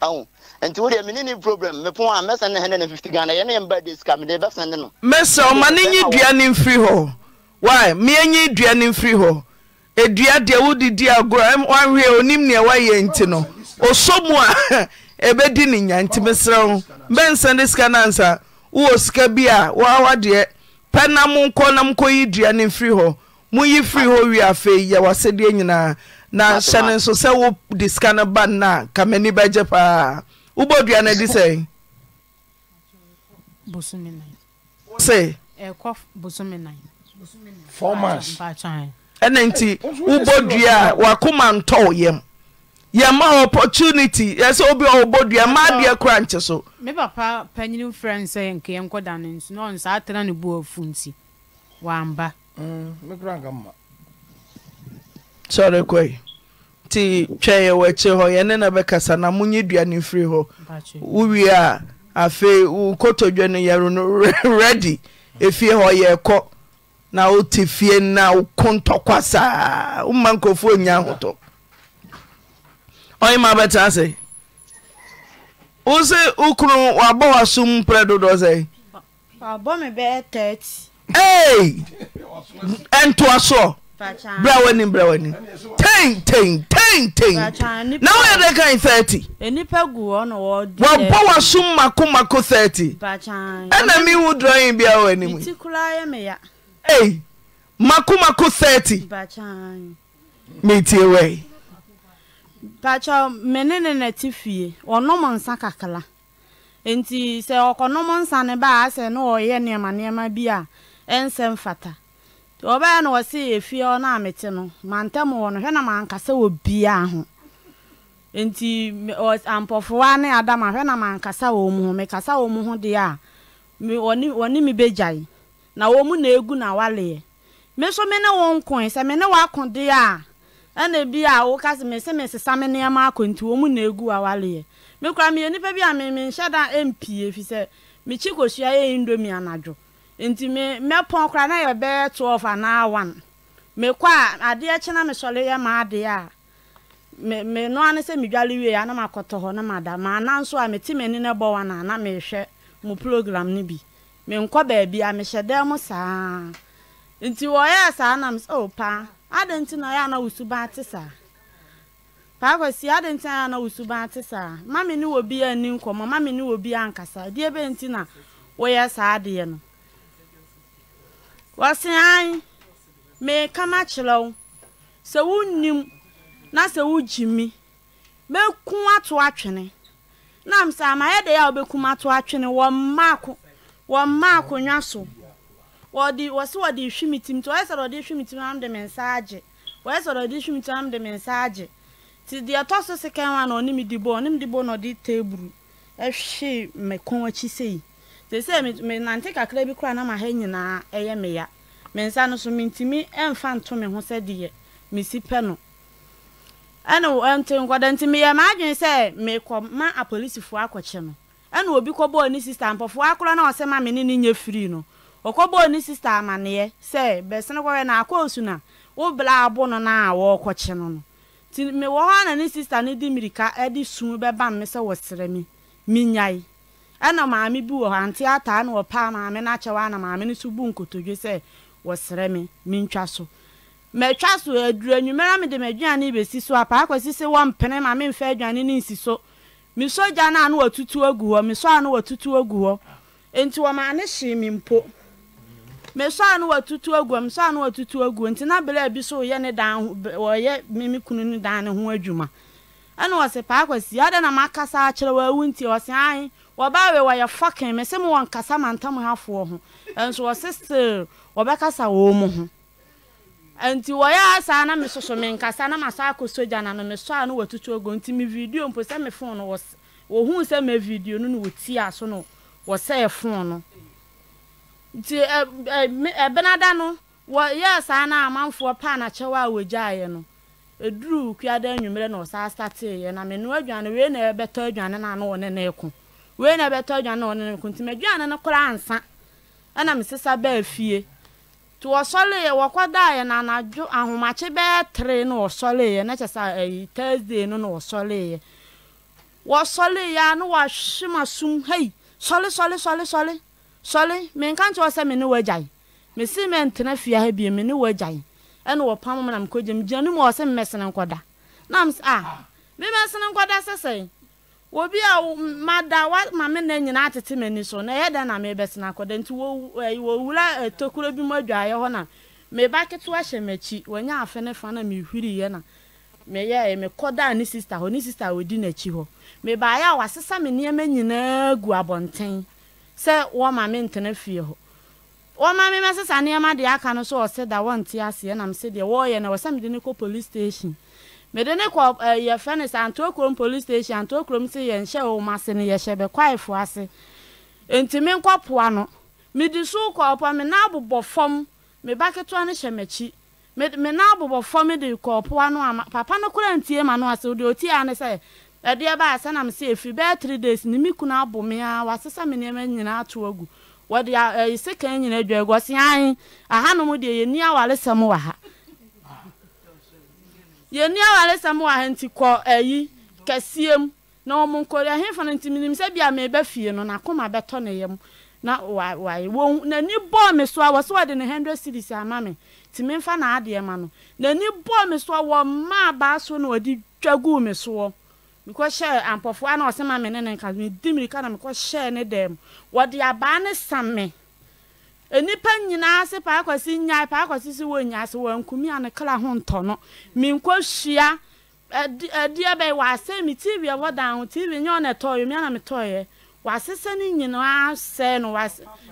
awo nti wo deɛ mene ne problem mepo a mɛsɛn ne hɛnɛ ne fifty ghana yɛne yɛ mba de sika mede bɛsɛn ne no mɛsɛ ɔma ne nye dua ne mfiri hɔ wae meɛnye e dua ne mfiri hɔ edua deɛ wodidi agorɔ wahwɛ onim nea wayɛ nti no ɔsɔ mu a ɛbɛdi e ne nya nti mesrɛ wo bɛnsɛn de sika no ansa wowɔ sika bi a wawa deɛ pɛ na mo nkɔ na mkɔ yi dua ne mfiri hɔ moyi firi hɔ wie afei yɛwɔ asɛdeɛ nyinaa na hyɛne nso sɛ wo de sika no ba nna ka m'ani bɛgye paa wobɔ dua no di sɛ se ɛna nti wobɔ dua a wakoma ntɔw yam yɛma opportunity yɛ sɛ obi ɔwɔbɔ dua ma adeɛ kora nkye so me papa panyini frɛ n sɛ nkɛyɛnkɔda no nso na tena ne nti wamba mm, sɔre kɔe nti twɛ yɛwɔ akyi hɔ yɛne na bɛkasa e na monye duane mfiri hɔ wowie a afei wo kotodwa no yɛro no ready efie hɔ yɛkɔ na wote fie na woko ntɔkwa saa woma nkurɔfoɔ nya ahotɔ ɔyema bɛtena sɛ wo sɛ wo kunu wabɔ w'asom mprɛ dodoɔ sɛ ɛntoa soɔ bra w'anim bra w'anim tentententena woyɛ dɛ kan 30 wɔbɔ w'aso mako 30 ɛna mehu drɔin biaa ee mako mako 30 metie wɛ pakyɛ me ne na nate fie ɔnom nsa kakra enti nsa na ọ bi a ɛnsɛ mfata ɔbɛyɛ na wɔse efie ɔ na amete no mantam wɔ no hwɛ na mankasa wɔ bia ho nti ampɔfowa ne adama hwɛ na mankasa wɔ mu ho mekasa wɔ mu ho deɛ a wɔne me bɛgyae na wɔ mu na egu na waleɛ me so me ne wɔn koe sɛ me ne wɔako deɛ a ɛna bi a woka sɛ mese mesesa me nneɛma akɔ nti wɔ mu na egu awaleɛ mekora meyɛ nnipa bi a me menhyɛ da mpie fi sɛ mekyi kosua yɛ indomi anadwo nti mɛpɔn kora na yɛbɛyɛ 12 anaa 1 mekɔ a adeɛ kye na mesɔre yɛ ma adeɛ a menoa ne sɛ medwale wie a na makɔtɔ hɔ na mada maana nso a mete m'ani no bɔ wana na mehwɛ mo program no bi menkɔ baabi a mehyɛ dɛn mu saa nti wɔyɛɛ saa na mesɛ o oh, paa adɛ nti na ɔyɛ ana wo suban te saa paa kwasi adɛ nti na ɔyɛ ana wo suban te saa mame ne wɔ bi anni nkɔmmɔ mame ne wɔ bi nkasa deɛ bɛ nti na woyɛ saa adeɛ no wɔsi anyi meka ma kyerɛ wo sɛ wonim na sɛ wogyi mi meku ato atwene nam sɛ amayɛ de a wobɛkum ato atwene wɔ mmaako wɔ mmaako nwa so wɔde wɔsi wɔde ehwi mi tim nti wɔyɛ sɛ wɔde ehwi mi tim nam de mi nsa agye wɔyɛ sɛ wɔde ehwi mi tim nam de mi nsa agye ti deɛ ɛtɔ so sekan wa na ɔne mi di bo ɔne mi di bo na ɔde teeburu ɛhwe e mɛ kɔn akyi sɛ yi. te sɛ nante kakra bi na ma ha nyinaa ɛyɛ meya me nsa no so ɛmfa nto me ho sɛ deɛ mesi pɛ no ɛne nti nkɔda nti meyɛ maadwene sɛ mekɔ ma apolisifoɔ akɔkyɛ no ɛne obi kɔbɔɔ ne sista mpɔfoɔ akorɔ na ɔsɛ ma me ne ne firi no ɔkɔbɔɔ ne sista amanneɛ sɛ bɛsene na akɔɔsu na abo na a wɔrekɔkye no no nti mewɔ hɔ a na ne sista no mmirika de su bɛba me sɛ wɔserɛ me menyae ɛna maame bi wɔ hɔ ante ataa na ɔpaa maame no akyɛw ana maame no so bu nkotodwe sɛ wɔsrɛ me mentwa so mɛtwa so aduru anwummerɛ mede m'aduane bɛsi so apaa kɔsi sɛ wɔmpene ma memfa aduane no nsi so mesɔ gya no a no watutu agu hɔ mesɔ a no watutu agu hɔ nti wɔmaa hyee me mpo mesɔ a no watutu agu hɔ mesɔ a no watutu agu hɔ nti na berɛ bi so wɔyɛ ne dan ho wɔyɛ me kunu ne dan ne ho adwuma ɛna wɔsɛ paa kɔsi adɛ na makasa akyerɛ wɔ awu nti ɔsɛ ahe wɔbaa wei wɔyɛ faken me sɛ mu ma ntam hafoɔ ho ɛnso wɔse still wɔbɛkasa wɔ mu ho nti wɔyɛ saa na mesoso menkasa na ma maso akɔ sogya na no mesɔ a no watutu ogo nti me video mpo sɛ me fon no wɔhuu sɛ me video no na wɔtia aso no wɔsɛɛ fon no nti ɛbɛnada no wɔyɛɛ saa na amanfoɔ paa nakyɛw a wɔgyaeɛ no ɛduruu kuada anwummerɛ na ɔsaa stateeɛ na menoa adwane wei na ɛbɛtɔ adwane no a na wɔne ne ɛko wei na bɛtɔ adwa na ɔne no ko nti madwa ne no koraa ansa ɛna mesesa baa fie nti wɔkɔdaeɛ na anadwo ahomakye bɛyɛ tere na wɔsɔleeɛ na kyɛ sɛ ayi thursday no na wɔsɔleeɛ wɔsɔleeɛ a na wɔahwe ma som hei menka nkyɛ wɔ sɛ me ne wɔagyae mesi mɛ ntena fie ha bie me ne wɔagyae ɛna wɔpam m na mekɔgya wɔ sɛ nkɔda na m a memɛsene nkɔda obi a mada wa maame na nyinaa tete m'ani so na ɛyɛ dɛn na mebɛsena akɔda nti wɔwura eh, etokuro eh, bi mu adwaeɛ hɔ na meba ketewa hyɛ m'akyi wɔnyɛ afe ne fa na mehwiriyɛ na meyɛ eh, mekɔdaa ne sista hɔ ne sista a wɔdi n'akyi hɔ mebaeɛ a w'asesa me nneɛma nyinaa gu abɔnten sɛ wɔma me ntena fie hɔ wɔma me mɛsesa nneɛma deɛ aka no so ɔse da wɔnte aseɛ nam sɛ deɛ wɔɔyɛ na wɔsɛ mede ne kɔ police station mede ne kɔ yɛfɛ no sɛ antokrom police station antokrom se yɛnhyɛ woma ase no yɛhyɛ bɛkwaefo ase enti menkɔpoa no mede so kɔ ɔpɔ me na abobɔ fam me ba ketewa no hyɛ m'akyi me na abobɔ fam de kɔ no ama papa no kora ntie ma no ase deɛ otia ne sɛ ɛdeɛ baa sɛ nam sɛ ɛfiri bɛɛ three days ne me kunu abo me a wasesa me nneɛma nyinaa to agu wɔde sekan nyina adwa agu ɔse ae ahanom deɛ yɛni wɔ ha yɛni awale sɛm wɔ ahɛnti kɔ ayi kɛseɛ mu na wɔn nkɔli ahemfa no nti minim sɛ bi a meba fie no n'akoma bɛtɔ ne yam na wa wae wɔn n'ani bɔɔ mi so a wɔsɛ wɔde ne hundred series ama mi ti mi nfa n'adeɛ ma no n'ani bɔɔ mi so a wɔ mmaa baa so na wɔde twa guu mi soɔ mikɔ hyɛ ampɔfoɔ a na ɔsɛ ma mi ne ne mi di mirika na mikɔ hyɛ ne dɛm wɔde abaa ne enipa nyinaa sị paakwasi nya paakwasi si wọ nyaasị wọ nkumi a kala ho ntọ no hyia bɛyɛ mi tiivi ɛwɔ dan ho tv ɔna yɛ mi mi tɔɔ yɛ wɔasesa ne nyinaa sɛɛ no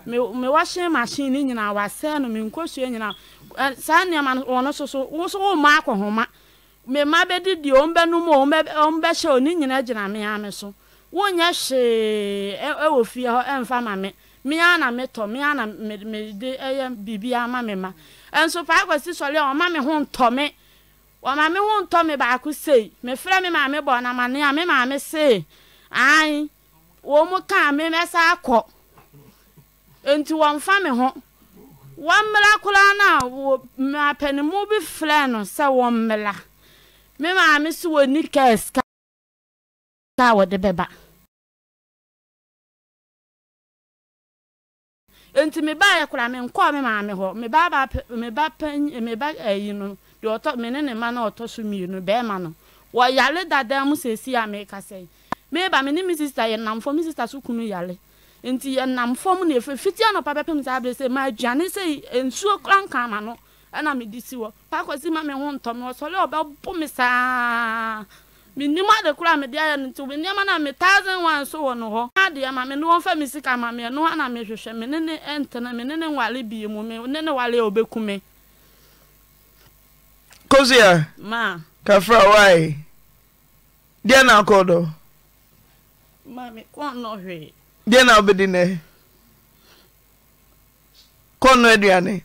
mi mi wɔhyɛn machine ne nyinaa no minkɔ hyia nyinaa ɛ saa nneɛma wɔn no wɔn mma mi mma deɛ wɔn wɔn bɛ wɔn wɔn ne nyinaa gyina so ɛwɔ fie hɔ mia na metɔ mia na mede ɛyɛ biribi ama me ma nso paakɔsi sɔre a ɔma me ho ntɔ me ɔma me ho ntɔ me baako sei mefrɛ me maame bɔ namane a me maame see ae wɔn mu kaa me mɛsa akɔ nti wɔmfa me ho wɔmmra koraa no a wɔ mapanimu bi frɛ no sɛ wɔmmra me maame so wɔ ni kɛs kaa wɔde bɛba nti me ba yɛ kora me nkɔɔ me maame hɔ me ba ba me ba panyin me ba ayi no deɛ ɔtɔ me ne ne ma na ɔtɔ so mmienu bɛrima no wɔyare dadaa mu sɛsi a mekasa yi meba me ne me sista yɛ nam fam me sista so kunu yare nti yɛ nam fam na efe fiti anɔpa bɛpem saa abere sɛ ma aduane sɛ nsuo kora nka ama no ɛna me di si hɔ paakɔsi ma me ho ntɔ me wɔsɔre ɔbɛbo me saa mi ni ma de kura ayɛ no nti obi na mi thousand one so wɔ no hɔ na adeɛ ma sika ma mi ɛno ha na ne ne ne ne nwale bie mu ne ne wale ma. kafra waayi. deɛ na akɔ dɔ. maami kɔn na ɔbɛdi nɛ. kɔn aduane.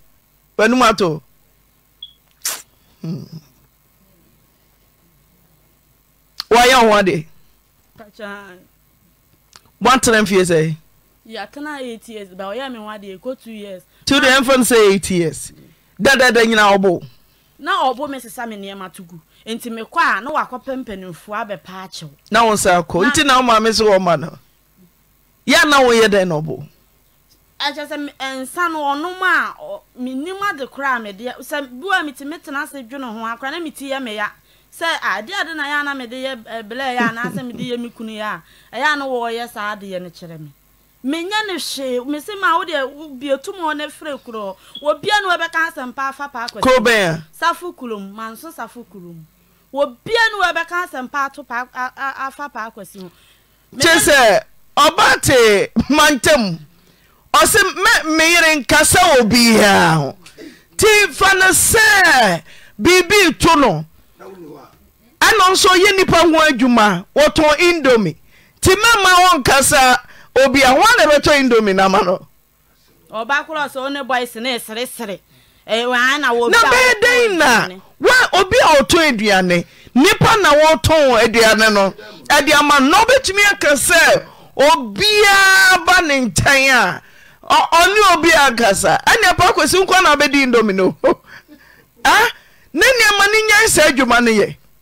wɛnum ato. Hmm. wayɛ ho ade woatena mfie sɛ nti wode ɛmfa no sɛ 8 years dadada nyina ɔbo na ɔbo me sesa eh, me nneɛma to gu nti mekɔ a na wakɔpɛ mpanimfoɔ abɛpaa kyew na wo nsa akɔ nti na wo maame so wɔma no yɛ na woyɛ dɛn na ɔbo ɛkyɛ sɛ nsa no ɔnom a menim ade koraa mede sɛ bi a mete metena ase dwene ho akora na meti yɛ ya. sɛ ade ah, ade na yɛ ana mede yɛ eh, belɛ yɛ anaasɛ mede yɛ me kunu yɛ a ɛyɛ ana wɔɔyɛ saa adeɛ no kyerɛ me menyɛ ne hwee mese ma wode bietum hɔ ne frɛ kurɔ wɔbia no wɔbɛka asɛmpa afa paakɔkurobɛn safo kulom manso safo kulom wɔbia no wɔbɛka asɛmpa ato afa paakwasi ho kye sɛ ɔba te mantam ɔse mɛ meyere nkasa wɔ biaa ho nti fa no sɛ biribi to no ɛno nso ɔyɛ nnipa ho adwuma wɔtɔn indomi nti mɛma wɔnkasa obi a ho na ɛbɛtɔ indomi nama no na bɛyɛ dɛn na w obi a ɔtɔn aduane nnipa na wɔtɔn aduane no ɛde ama no na wobɛtumi aka sɛ obiaa ba ne nkyɛn a ɔne obi a nkasa ɛnea pa kwasi nkwa na wobɛdi indomi no ah? na nneɛma no nyan saa adwuma no yɛ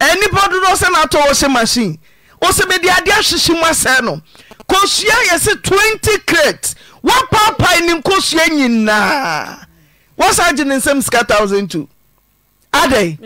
nnipa dodoɔ sɛ na atɔ wɔhyɛ machine ɔsɛ bɛde ade ahwehye mu asɛe no kosua yɛ se 20 crate woapaapae ne nkosua nyinaa wosa gye ne nsɛm sika 002 adɛn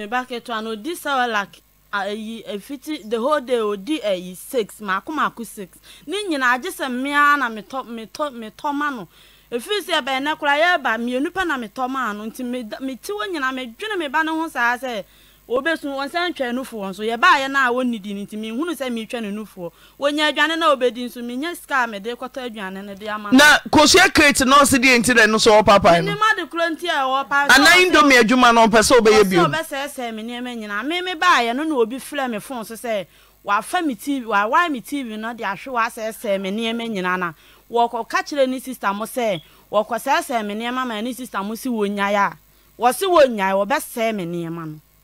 ayi efiti the whole day odi ayi six mako mako six ne nyinaa agye sɛ mmea na metɔ metɔ metɔ ma no efiri sɛ ɛbɛn ne koraa yɛ ba mmienu pɛ na metɔ ma no nti me me ti wo nyinaa medwene me ne ho saa sɛ. obesu wɔn sɛ ntwɛn nufoɔ nso yɛbaa yɛ no a wɔnni di no nti mehunu sɛ meretwɛ no nufoɔ wɔnya aduane no a wɔbɛdi nso menyɛ sika a mede kɔtɔ aduane no de ama na kosua crate na ɔse deɛ nti dɛ no so ɔpapae no nema de korɔ nti a ɛwɔpa ana indomi adwuma no ɔmpɛ sɛ wobɛyɛ bio ɔbɛsɛɛsɛɛ me nneɛma nyinaa me me baa yɛ no na obi frɛ me fon so sɛ wafa me tv wawae me tv no de ahwe wasɛɛsɛɛ me nneɛma nyinaa na wɔkɔka kyerɛ ne sista mo sɛ wɔkɔsɛɛsɛɛ me nneɛma ma ne sista mo si wɔnyae a wɔse wɔnyae wɔbɛsɛɛ me nneɛma no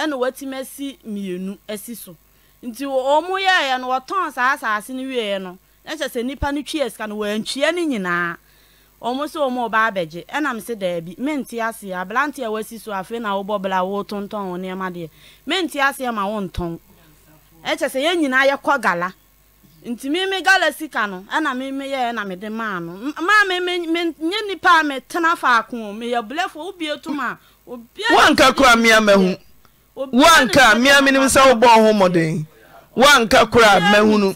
ɛna watumi asi mmienu asi so nti wɔn yɛɛ no wɔtɔn saa asase no wieɛ no ɛkyɛ sɛ nipa no twi ɛsika no wɔantwia no nyinaa wɔn sɛ wɔn ɔba abɛgye ɛnam sɛ daabi mente aseɛ aberante a wasi so afei na wobɔ bla wɔtontɔn wɔn nneɛma deɛ mente aseɛ ma wɔntɔn ɛkyɛ sɛ yɛn nyinaa yɛkɔ gala nti mímí gala sika no ɛna mímí yɛ ɛna mede maa no maa mi mi mi nye nipa a mi tena faako mi yɛ bulɛfo obi etum a obi a. wọn kakura mi ama woanka mea menim sɛ wobɔɔ ho mmɔden woanka koraa mahunu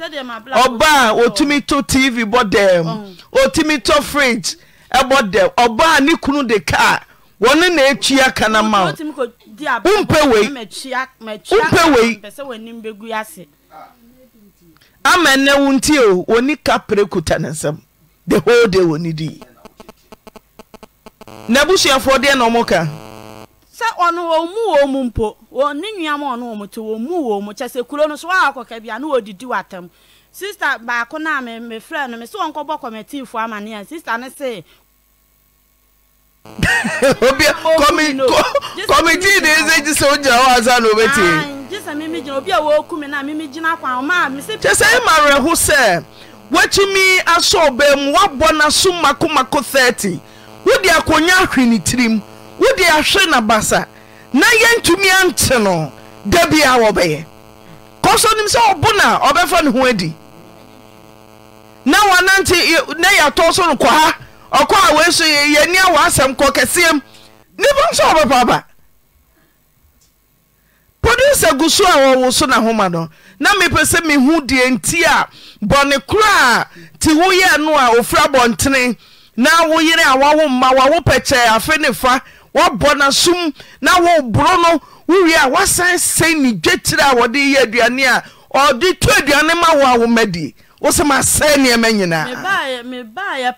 ɔba a ɔtumi tɔ tv bɔ dɛm ɔtumi tɔ fridge ɛbɔ dɛm ɔba a ne kunu de kaa wɔne na atua ka na ma wowompɛ wei ama nnɛ wo nti o wɔni kaprɛ kuta ne nsɛm the whole day wɔni dii na busuafoɔ deɛ na ɔmo ka sɛ ɔno wɔn mu mpo ne ɔno te wɔn mu wɔn mu kyɛ sɛ kuro no so wɔn akɔkɛ sista baako na me me frɛ no me sɛ wɔn kɔbɔ ama sista ne se. obi de ɛsɛ sɛ hɔ na wobɛtie gye mimi gyina obi a na mimi gyina kwan ma me kyɛ sɛ sɛ wode ahwe n'abasa na yɛntumi ante no da bia wɔbɛyɛ kɔ nim sɛ ɔbo na ɔbɛfa ne ho adi na wanante na yɛatɔ so no kɔ ɔkɔ a wei yɛni a wɔasɛm kɔ kɛseɛm nnipa nso ɔbɛpa aba produsa gu so a wɔwo so n'ahoma no na mepɛ sɛ mehu deɛ nti a bɔne koraa nti woyɛ no a ofira bɔntene na wo a wawo mma wawo pɛkyɛɛ afe ne fa woabɔ n'asom na woboro no wowie a woasan sɛe ne dwatire a wɔde yɛ aduane a ɔde to aduane ma ni wo a womadie wo sɛ masɛe nneɛma nyinaa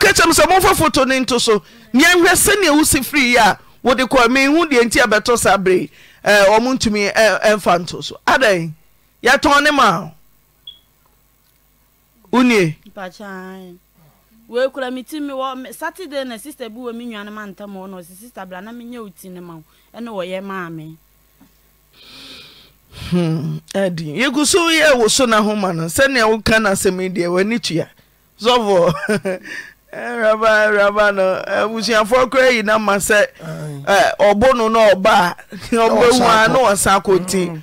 kakyɛm sɛ momfa foto no nto so neɛnhwɛ sɛnea wosi firiyi a wode kɔ mehu deɛ nti a bɛtɔ sa bere ɔmo ntumi ɛmfa nto so adɛn yɛtɔn ne ma wonie wee kura ti saturday na sista bi wɔ mi ma ntam wɔ na ɔsi sista bla na mi nye oti ne ma ɛna wɔyɛ maame. ɛdi hmm, yegu so yɛ wo na ho ma no sɛnea woka na asɛm yi deɛ w'ani tua raba eh, raba no eh, abusuafoɔ kora yi na ma sɛ eh, no na ɔba ɔbɛwu a na ɔsan mm.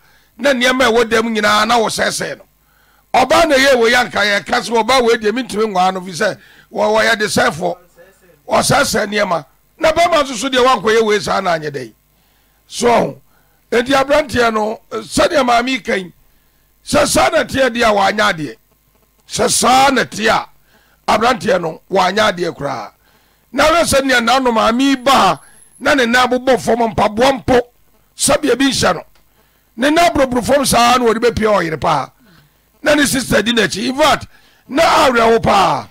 na nneɛma ɛwɔ dɛm nyinaa na wɔsɛsɛe no ɔbaa na ɛyɛ wɔ yɛ anka yɛka sɛ ɔbaa wei deɛ mentumi nwaa no fi sɛ wɔyɛ de sɛfoɔ ɔsɛsɛe nneɛma na bɛma nso so deɛ woankɔyɛ wei saa na anyɛ dɛn so enti aberanteɛ no sɛdeɛ maame yi ka yi sɛ saa na teɛ deɛ a wɔanyɛ adeɛ sɛ saa na teɛ a aberanteɛ no wɔanyɛ adeɛ koraa na hwɛ sɛ nea nanom maame yi ba ha na ne nan bobɔ fam mpaboa mpo sɛbea bi nhyɛ no ne na borɔborɔ fam saa na wɔde bɛpia ɔyere paa na ne sista di n'akyi infact na awerɛho paa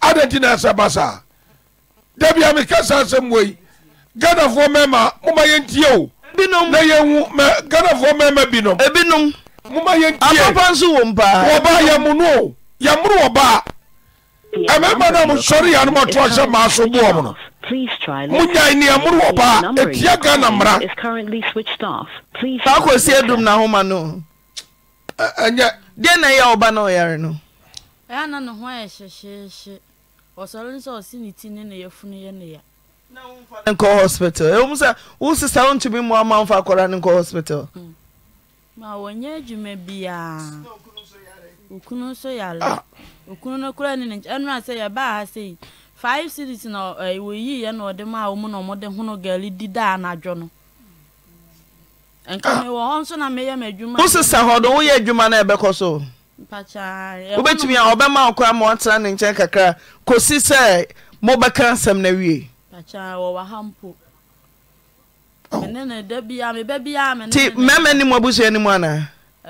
ada nti na ɛsɛ ba saa da bia meka saa asɛm wɔ yi ghanafoɔ mɛma moma yɛntie o na yɛhu ghanafoɔ mɛma binom ebinom moma yɛntieapa nso wɔ mpaa wɔba yɛmono o yɛmoro wɔbaa ɛmɛma na mo sɔre yɛ anom ɔtoa hyɛ maa so boɔ mo no mugyae nea morewɔ paa ɛtia ghana mmara saa na homa no ɛnyɛ deɛ na ɛyɛ ɔba na ɔyare no na ne ho ayɛ ɔsɔre ne ti ne ne yɛ ne ya nkɔ hospital ɛwom sɛ wo sesa nkɔ hospital hmm. ma adwuma okunu nso yare okunu ah. no kora ne ne ɛno a sɛ yɛbaa ha sɛ yi five cities na ìwé yìí yẹn na ọdẹ mọ a ọmọ na ọmọdé hunu gẹlẹ dídá anadwo no nka mi hɔ nso na mi yɛ mi adwuma. wosesa hɔ do woyɛ adwuma na ɛbɛkɔ so. wobɛtumi a ɔbɛma ɔkora ma ɔtena ne nkyɛn kakra kɔsi sɛ mobɛka nsɛm na wie. ti mmarima ni mu abusua ni mu anaa.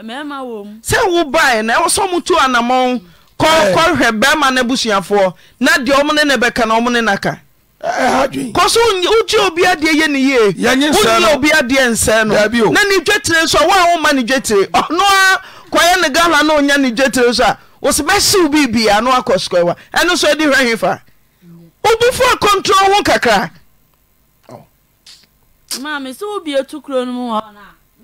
mmarima wɔ mu. sɛ wobae na ɛwɔ sɛ ɔmo tu anamɔn. Mm. kɔhwɛ eh. bɛrima no abusuafoɔ na deɛ ɔmone ne bɛka na ɔmone naka kɔ so wogye obi adeɛ yɛ ne yeewoye obi adeɛ nsɛe no na ne nso a woa woma ne dwatire ɔno kɔyɛ ne ghana na onya ne dwatire a wo sɛ bɛsew biribia na woakɔ ɛno so ho kakra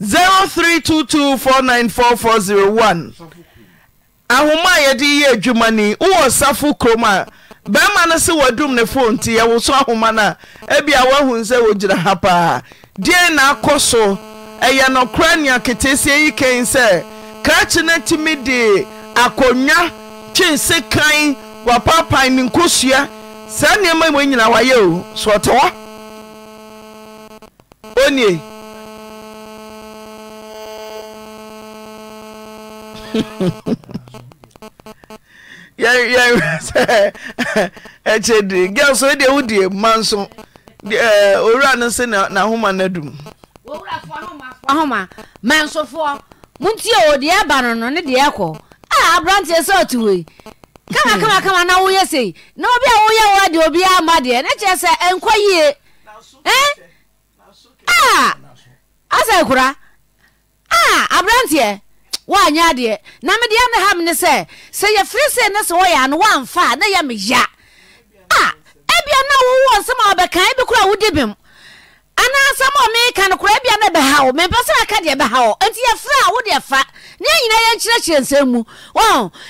0322494401 ahoma a yɛde yɛ adwuma ni wowɔ safo kurom a bɛrima no sɛ w'adum ne fo nti yɛwo so ahoma no a ebia woahu sɛ wogyina ha paa deɛn na akɔ so ɛyɛ nokora nea ketesie yi ken sɛ krakye no tumi de akonnwa twe sekan wapaapan ne nkosua saa nneɛma mu nyina wayɛ o so ɔte hɔ onie yɛhwɛ sɛ ɛkyɛ de girl so deɛ wodie ma nso owura no se n'ahoma no adum ahoma mansofoɔ montie o deɛ ɛba no no ne deɛ ɛkɔ a aberanteɛ sɛ ɔte wei kama kama kama na woyɛ sei na obi a woyɛ wɔ deɛ obi ama deɛ ne kyerɛ sɛ ɛnkɔ yie a asɛ kora a aberanteɛ wɔanya adeɛ na mede a ne ha me ne sɛ sɛ yɛ frisei ne sɛ wɔyɛ a no wɔamfa a na yɛ meya a ebia na wowowɔ nsɛm a wɔbɛkae bɛ koraa wodye bem anaasɛm a meka no koraa bia na bɛha wo mempɛ sɛ aka deɛ bɛha wo nti yɛfrɛ a wode fa ne nyina yɛnkyerɛkyerɛ nsɛm mu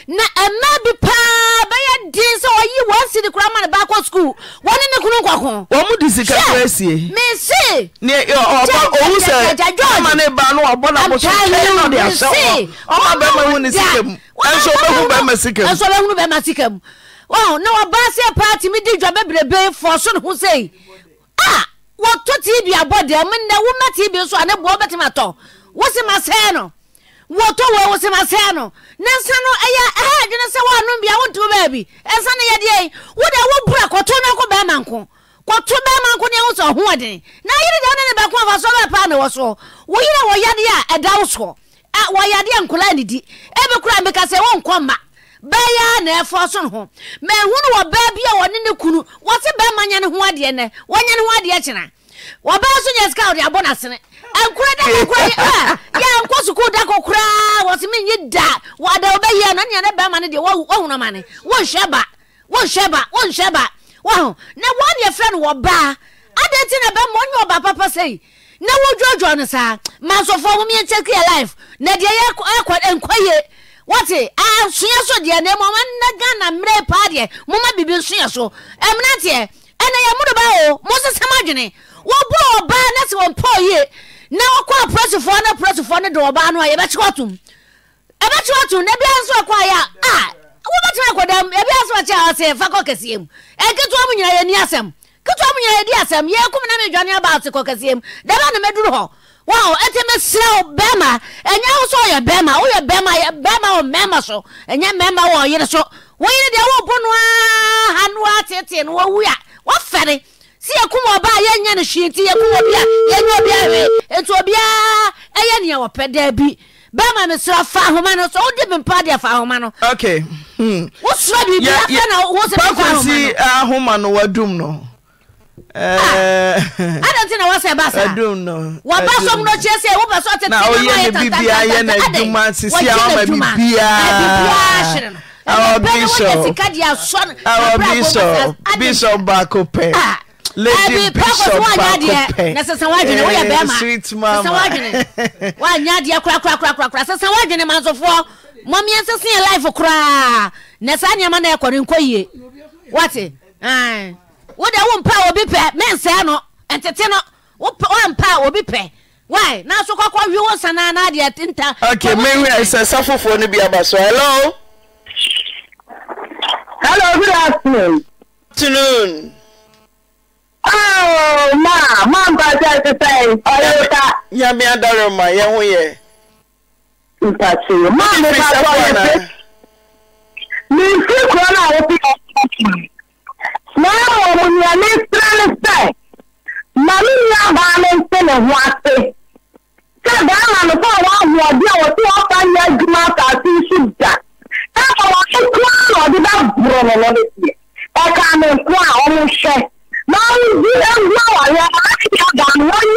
na ɛma bi paa bɛyɛ den sɛ ɔyi wɔasi de koraa ma ne baakɔ skul wɔne ne kunu nkwako wɔ mu de sika kora asie mese ɔwu sɛ ma ne ba no ɔbɔ na bosotwɛ no de ahyɛ wɔ ɔma bɛma hu ne sika mu ɛnso ɔbɛhu bɛma sika mu ɛnso ɔbɛhu bɛma sika na wɔbaa sɛ paa tumi di dwa bɛbrɛbɛ fɔ so ne ho sɛi wɔto tv abɔ deɛ mo nnɛ woma tv so a ne boɔ bɛtumi atɔ wosi ma sɛɛ no wɔto wɔ wosi ma sɛɛ no ne nsa no ɛyɛ ɛhɛ adwene sɛ wɔanom bia wonto baabi ɛnsa no yɛdeɛ yi wode wobura kɔto no ko bɛrima nko kɔto bɛrima nko ne ɛho sɛ ɔho ɔden na yere deɛ wone ne bɛko afa so bɛpaa ne wɔ soɔ woyere wɔyadeɛ a ɛda wo soɔ wɔyadeɛ nkola ne di ɛbɛkura meka sɛ wɔnkɔ mma bɛyɛa na ɛfɔ so no ho mahu no wɔ baa bi a wɔne ne kunu wɔte bɛma nyɛ ne ho adeɛ nɛ wɔnyɛ ne ho adeɛ kyena wɔbaa so nyɛ sika wode abɔ nosene nkora da kokora yɛnkɔ sukuu da kokoraa wɔte nyi da wɔada wobɛyɛ no neɛ ne bɛma no deɛ wahunoma ne wonhwɛ ba wonhwɛ ba wonhwɛ ba waho na wɔneɛ frɛ no wɔbaa adɛn nti na bɛma ɔnyɛ ɔba papa sɛi na wodwɔdwɔ no saa mansɔfoɔ momiɛnkyɛ kria life na deɛ yɛkɔ nkɔ yie wat sa so named h nti mesrɛ bɛma yɛ ho sɛɔyɛ maoɛa so yɛ ma yere so woyene deɛ wobno ntete no wa fɛre sɛ yakmɛyano tn yɛ nea ɔpɛ daa bi bɛma mesrɛ fa homao swoy mepade fa homao wosra bsi ahoma no wadm no hmm. Eh. Ah, adɛnti na wɔsɛ ba saa wɔba som no kyerɛ sɛ wopɛ sɛ ɔtete ɔyɛ ne bibia yɛ na adwuma sisi a ɔma bibiaa our bishop our bishop bishop baako pɛ ah. lady bishop baako pɛ na sisan wadwene woyɛ eh, bɛrima sisan wadwene wanya adeɛ korakorakorakora sisan wadwene mansofoɔ mɔmiɛ sisan yɛ life koraa na saa na ɛkɔ ne nkɔ yie wate. Eh wode wompɛ obi pɛ mensɛe no ntete no wompɛ obi pɛ wai nanso kɔkɔ wi wo sana na adeɛ tinta. ok mewia sɛ sa foforɔ no bi aba so hello. hello good afternoon. Good afternoon. Oh, ma, ma mba jẹ́ ti sẹ́yìn, ọ̀rẹ́ ta. Nyàmí adarọ̀ ma, yẹn ho yẹ. Ntàkì, máa mi bá bọ̀ yẹn pé. Mi n fi kúrò náà wọ́n fi ọ̀sán kìí. na amụrụ ya n'isiri n'ise na mmiri abalị nse na-ehu asị tebe ana nụta ụwa ahụ ọdị ọtụ ọta ya ejuma aka asị isi bịa ọ chukwu ahụ ọdịda bụrụ n'ọnọdụ sie ọka na-ekwu a ọnwụ nse na ọnwụ dị egwu awa ya ahịa ga-anwụ onye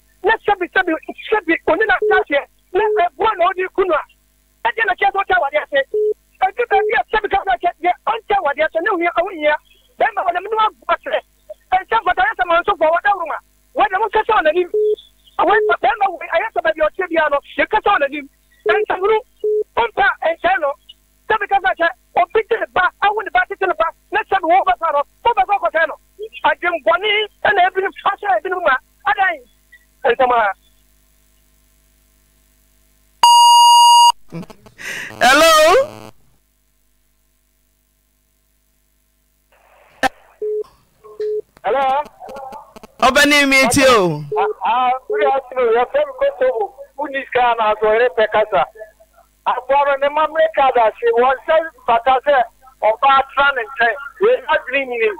na sɛbi sɛbi sɛbi oni na saseɛ na ɛboa na ɔde kunu a ɛdeɛ na kyɛ sɛ ɔkyɛ awadeɛ ase ɛdu baabi a sɛbi kasa kyɛ deɛ ɔnkyɛ awadeɛ ase ne ohia ɔho hia bɛrima wɔnam ne waboa serɛ ɛnkyɛ mfata yɛ sɛ ma nso bɔ wɔda woma wɔde mo kasa wɔ n'anim bɛrima wɔ ayɛ sɛ baabi a ɔkyɛ biara no yɛ kasa wɔ n'anim ɛnsahuru ɔmpa ɛnkyɛn no sɛbi kasa kyɛ obi de ne ba awo ne ba tete ne ba ne sɛbi wɔ ɔbɛsa no ɔbɛsa ɔkɔtɛn no adwembɔne ɛna ebinom ahyɛ ebinom a adan ntoma. hello. hello. ọbẹ̀ ní mi etí o. àbúrò àtúnú yẹ fẹ́ mi kó tóbu wúni sika náà sọ eré pẹ́ kásá. àbúrò ní mamre kàdà sí wọn sẹ́ bàtà sẹ́ ọba atúrà ní ntẹ́ yẹ ẹ́ adìrín yìí ní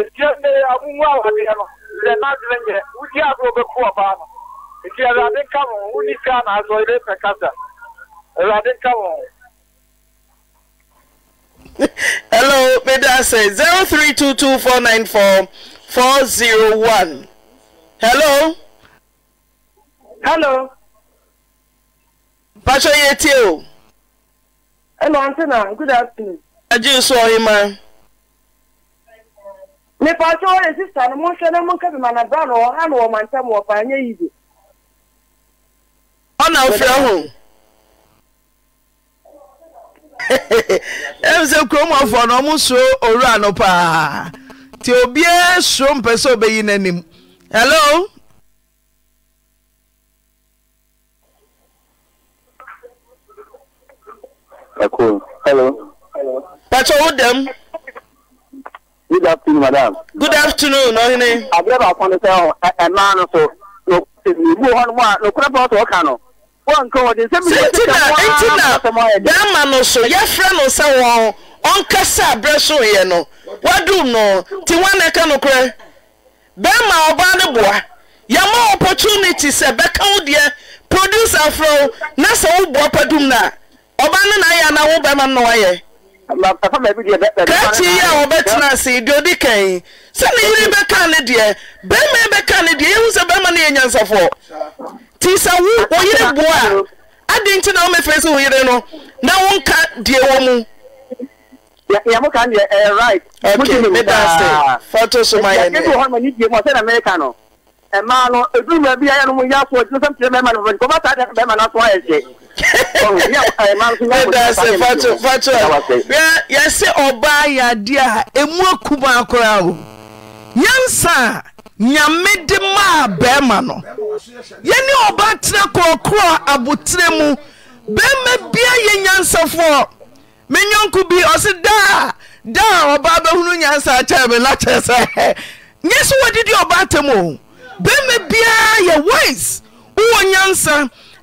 ètí ẹ̀ ní amúhùn àwọn ẹ̀yẹ náà. lɛ n'adrɛ yɛ wuli agorɔ be kó ɔbaa no nti ɛwurade nka wɔn wuli kaa na azɔ ɛbɛ fɛ kasa ɛwurade nka wɔn. hello meda say zero three two two four nine four four zero one hello. hello. pàṣẹ yẹ tí o. hello antenna good afternoon. ajé sọ mepatụ ọrịa sista na mụnhwe na mụnkebi mana bra na ọha na ọma nta ma ọpa anya igwe ọ na ofe ọhụụ emse kurom ọfọ na ọmụ so oru anọ paa te obie soro mpɛ sɛ obeyi n'anim hello Hello. Hello. Pacho, who them? Good afternoon, madam. Good afternoon, Ohene. Abịa bụ akwọ n'ụsọ ahụ eme anụ so n'ugbu hụ nwa n'okpuru nọ. Sentina ntina bɛrima no so yɛfrɛ no sɛ wɔn ɔnkasa abirɛ so yɛ no opportunity oh, na kakyi yi a wɔbɛtena ase deɛ ɔdi kan sɛne yiri bɛka ne deɛ bɛrima bɛka ne deɛ yɛhu sɛ bɛrima no yɛ nyansafoɔ nti sɛ wo wɔyere boa a adi nti na womɛfiri sɛ wo yere no na wonka deɛ wɔ mu yàmúkà ni ẹ eh, right. ok mi da se fọtò sọmọ yẹn ni. ẹgbẹ́ wọn ma ní diẹ mọ sẹ́ni amẹ́ríkà nọ ẹ̀ máa lọ ẹ̀dùnmọ̀ bí ayélujára yà fọ ẹ̀dùnmọ̀ sẹ́ni tẹ̀lé mẹ́ma nìfọ̀ọ́ nìkọ́ bá ta dẹ̀ mẹ́ma náà ɛdase fato fato yɛsɛ ɔbaa yɛadeɛ a ɛmu akuma akora o yɛnsa a nyame de maa bɛrima no yɛne ɔbaa tena a aboterɛ mu bɛrima bia yɛ nyansafoɔ me nyɔnko bi ɔse daa daa ɔbaa bɛhunu nyansa kyɛɛ me na kyerɛ sɛ nyɛ sɛ wɔdedi ɔbaa atam o bɛrima biara yɛ wise wowɔ nyansa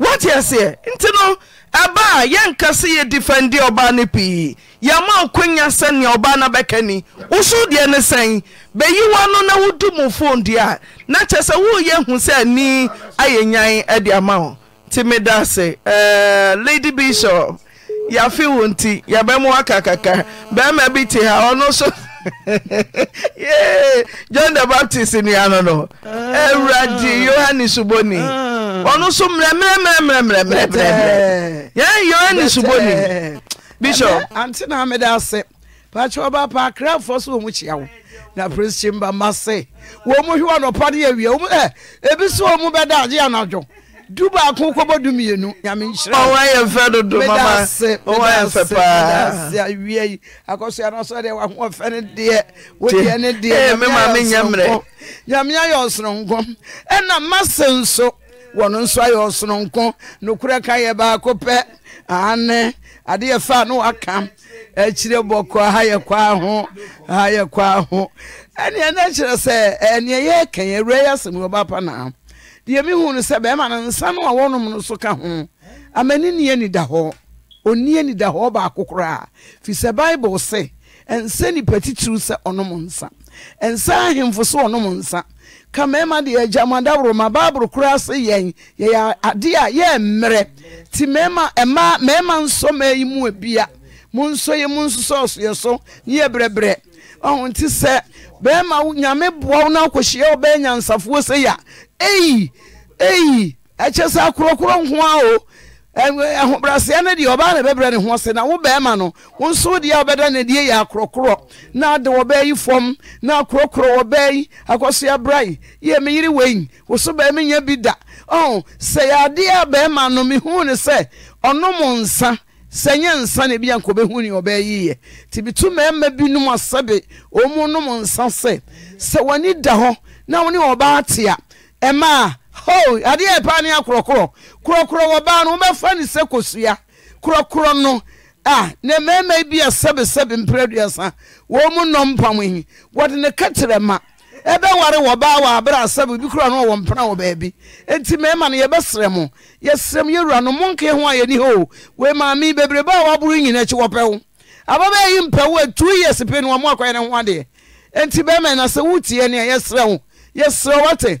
watiɛseɛ nti no ɛba a yɛnka se yɛ di fandiɛ ɔba no pii yɛama okonya sɛnea ɔbaa no bɛka ni wo so deɛ ne sani bɛyi wɔ no na wodu mu fon deɛ a na kyɛrɛ sɛ woreyɛ ahu sɛ ani ayɛnyan ade ama wo ntimi da se lady bishop yɛafe wɔ nti yɛbɛma waakakaka bɛima bi te ha ɔno so yeah. john the baptist ni ano no ah. ewurade yohane suboni ɔno nso mmerɛmmerɛmmerɛmmerɛmmerɛmmerɛ yɛn yohane suboni bishop. ante na amede ase pakyɛ ɔba pa akrafoɔ so wɔ mu kyia wo na praise Chimba ma se wɔn mu hwi wɔn nɔpa no yɛ wie ebi so wɔn mu bɛda agye anadwo. du baako kɔbɔ du mmienu nyame nhyirɛwayɛ mfɛ dodo mamawayɛ mfɛ paawia yi akɔsoa no sɔ deɛ wahoɔfɛ no deɛ wodeɛ ne deɛ mema menyɛ mmerɛ nyame ayɛ ɔsoronko ɛna mase nso wɔno nso ayɛ ɔsoronko nokorɛ ka yɛ baako pɛ ane adeɛ fa no waka akyire ha yɛ kɔ ha yɛ kɔ na kyerɛ sɛ yɛ deɛ mehu no sɛ bɛrima no nsa no a wɔnom no so ka ho amani nie ni da hɔ ɔnie ni da hɔ baako koraa firi sɛ bible sɛ ɛnsɛ nipa titiriw sɛ ɔnom nsa ɛnsa ahemfo so ɔnom nsa ka mmarima deɛ agyamadaworo ma bible koraa sɛ yɛn yɛyɛ adeɛ a yɛɛ mmerɛ ti mmarima mmaa mmarima nsɔ mmaa yi mu ebia mo nso yɛ mo nso sɔɔso yɛ so yɛ brɛbrɛ ɔho ti sɛ bɛrima nyame boawo na akɔhyia nyansafoɔ sɛ yɛ a eyi eyi ɛkyɛ sɛ akorɔkorɔ nhoa o ahobraseɛ no deɛ ɔbaa na bɛbrɛ ne ho ase na wo bɛrima no wo nso deɛ a wobɛda ne yɛ akorɔkorɔ na ade wɔbɛɛ yi fam na akorɔkorɔ wɔbɛɛ yi yɛ wei wo so nya bi da ɔn sɛ yɛ adeɛ a no mehuu ne sɛ nsa sɛ nyɛ nsa na ebi a nkɔ bɛhu ne ɔbɛɛ bitu asɛbe nsa sɛ sɛ da hɔ na ne ɔbaa te a ɛmaa ho adeɛ ɛpaa ne akorɔkorɔ korɔkorɔ wɔbaa no womɛfa ne sɛ kosua korɔkorɔ no a na mmarima bi a sɛbesɛbe mprɛduasa wɔn mu nnɔ mpamohi wɔde ne kɛterɛ ma ɛbɛware wɔbaa wɔ aberɛ asɛbe bi kura no wɔwɔ mpena wɔ baabi nti mmarima no yɛbɛserɛ mo yɛserɛ m yɛwura no monke ho a yɛni hɔ o wei maame bebrebe a wɔaboro nyina akyi wɔpɛ wo ababɛɛ yi mpɛ wo a two years pɛ no wɔn mo akɔyɛ ne ho adeɛ enti bɛrima na sɛ wotie ne a yɛserɛ wo wɔte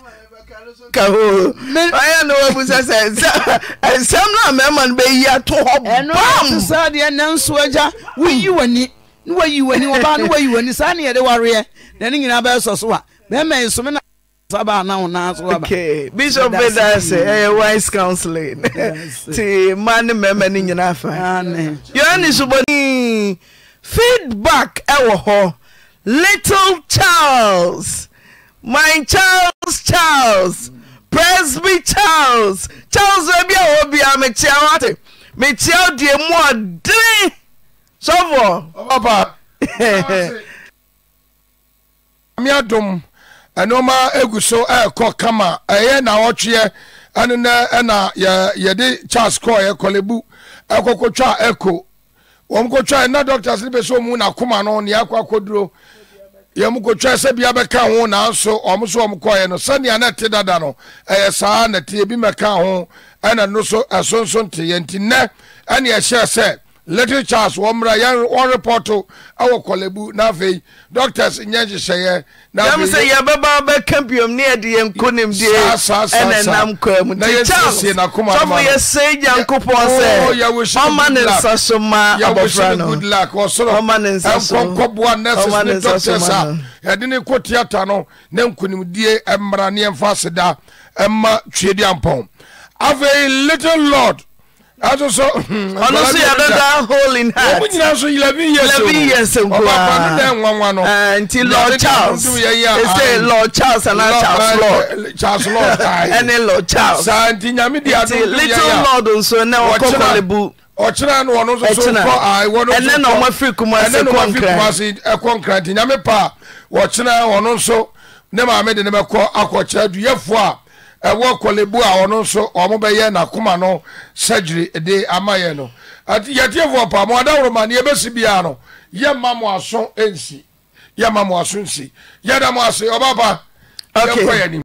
ka o ɔyɛ na wabusa sɛ nsɛm no a mɛma no ato hɔ bam saa deɛ nɛ nso agya woyi w'ani ne wayi w'ani wɔbaa ne wayi w'ani saa ne yɛde wareɛ na ne nyinaa bɛsɔ so a bɛma nsome na saba na wona so okay bishop bedase ɛyɛ wise counseling ti ma ne mɛma ne nyinaa fa yohane subɔni feedback ɛwɔ hɔ little charles my charles charles presby charles charles ebi a wɔ bia mekyia wate mekyia odie mu ɔdene ọba meadom ɛnoɔma agu so ɛɛkɔ kama ɛyɛ nawɔtweɛ ɛno nɛ ɛna ọba charles kɔɔ yɛkɔlebu ɛkɔkɔtwa ɛko wɔm kɔtwa ɛna doctors ne bɛ sɛ ɔmu nakoma no neɛ akɔ akɔduro yɛm kɔtwa sɛ bia bɛka ho nanso ɔmo so ɔmo kɔɛ no sɛnea na ɛte dada no ɛyɛ saa na te ebi mɛka ho ɛna no so ɛso nso nti nnɛ ɛne ɛhyɛ sɛ little charles wɔn mmerɛ yɛn wɔn repɔto ɛwɔ kɔlɛbu n'afɛyi doctors nyɛ nhyehyɛeɛ n'afɛyi. yam sɛ yabɛba bɛka biom ne yɛde yɛn ko nim die ɛna nam kɔɛ mu nti charles sɔfo yɛ sɛ nyankopɔn sɛ ɔma ne nsa so eh, ma abɔfra ah. no ɔma ne nsa so nkɔboa nurses ne doctors a yɛde ne kɔ theatre no ne nkonimdie mmara ne yɛmfa aseda ɛma twedi ampɔn afei little lord atoso ɔno nso yɛ dada hole in heart ɔmo nyinaa nso eleven years eleven years ago. ɔba kwan dɛ nwanwa no eh, nti lord charles ɛsɛ lord charles ana eh, eh, charles lord charles lord ɛne lord charles saa nti nyame di adu yɛ ya little lord nso ne ɔkɔ kɔlebu ɔkyerɛ no ɔno nso so kɔ a ah, ɛwɔ no nso kɔ ɛnɛ na ɔmo afiri kumasi kɔnkran ɛkɔ nkran nti nyame pa ɔkyerɛ ɔno nso ne maame de ne bɛ kɔ akɔkyerɛ duyɛfoɔ a ɛwɔ kɔlebu a ɔno nso ɔmo bɛyɛ n'akoma no sɛgyiri de ama yɛ no yɛtiɛfoɔ paa mo adaworoma ne yɛbɛsi biara no yɛ ma mo aso nsi yɛ ma mo aso nsi yɛda mo ase ɔbaapa yɛkɔ yɛ nim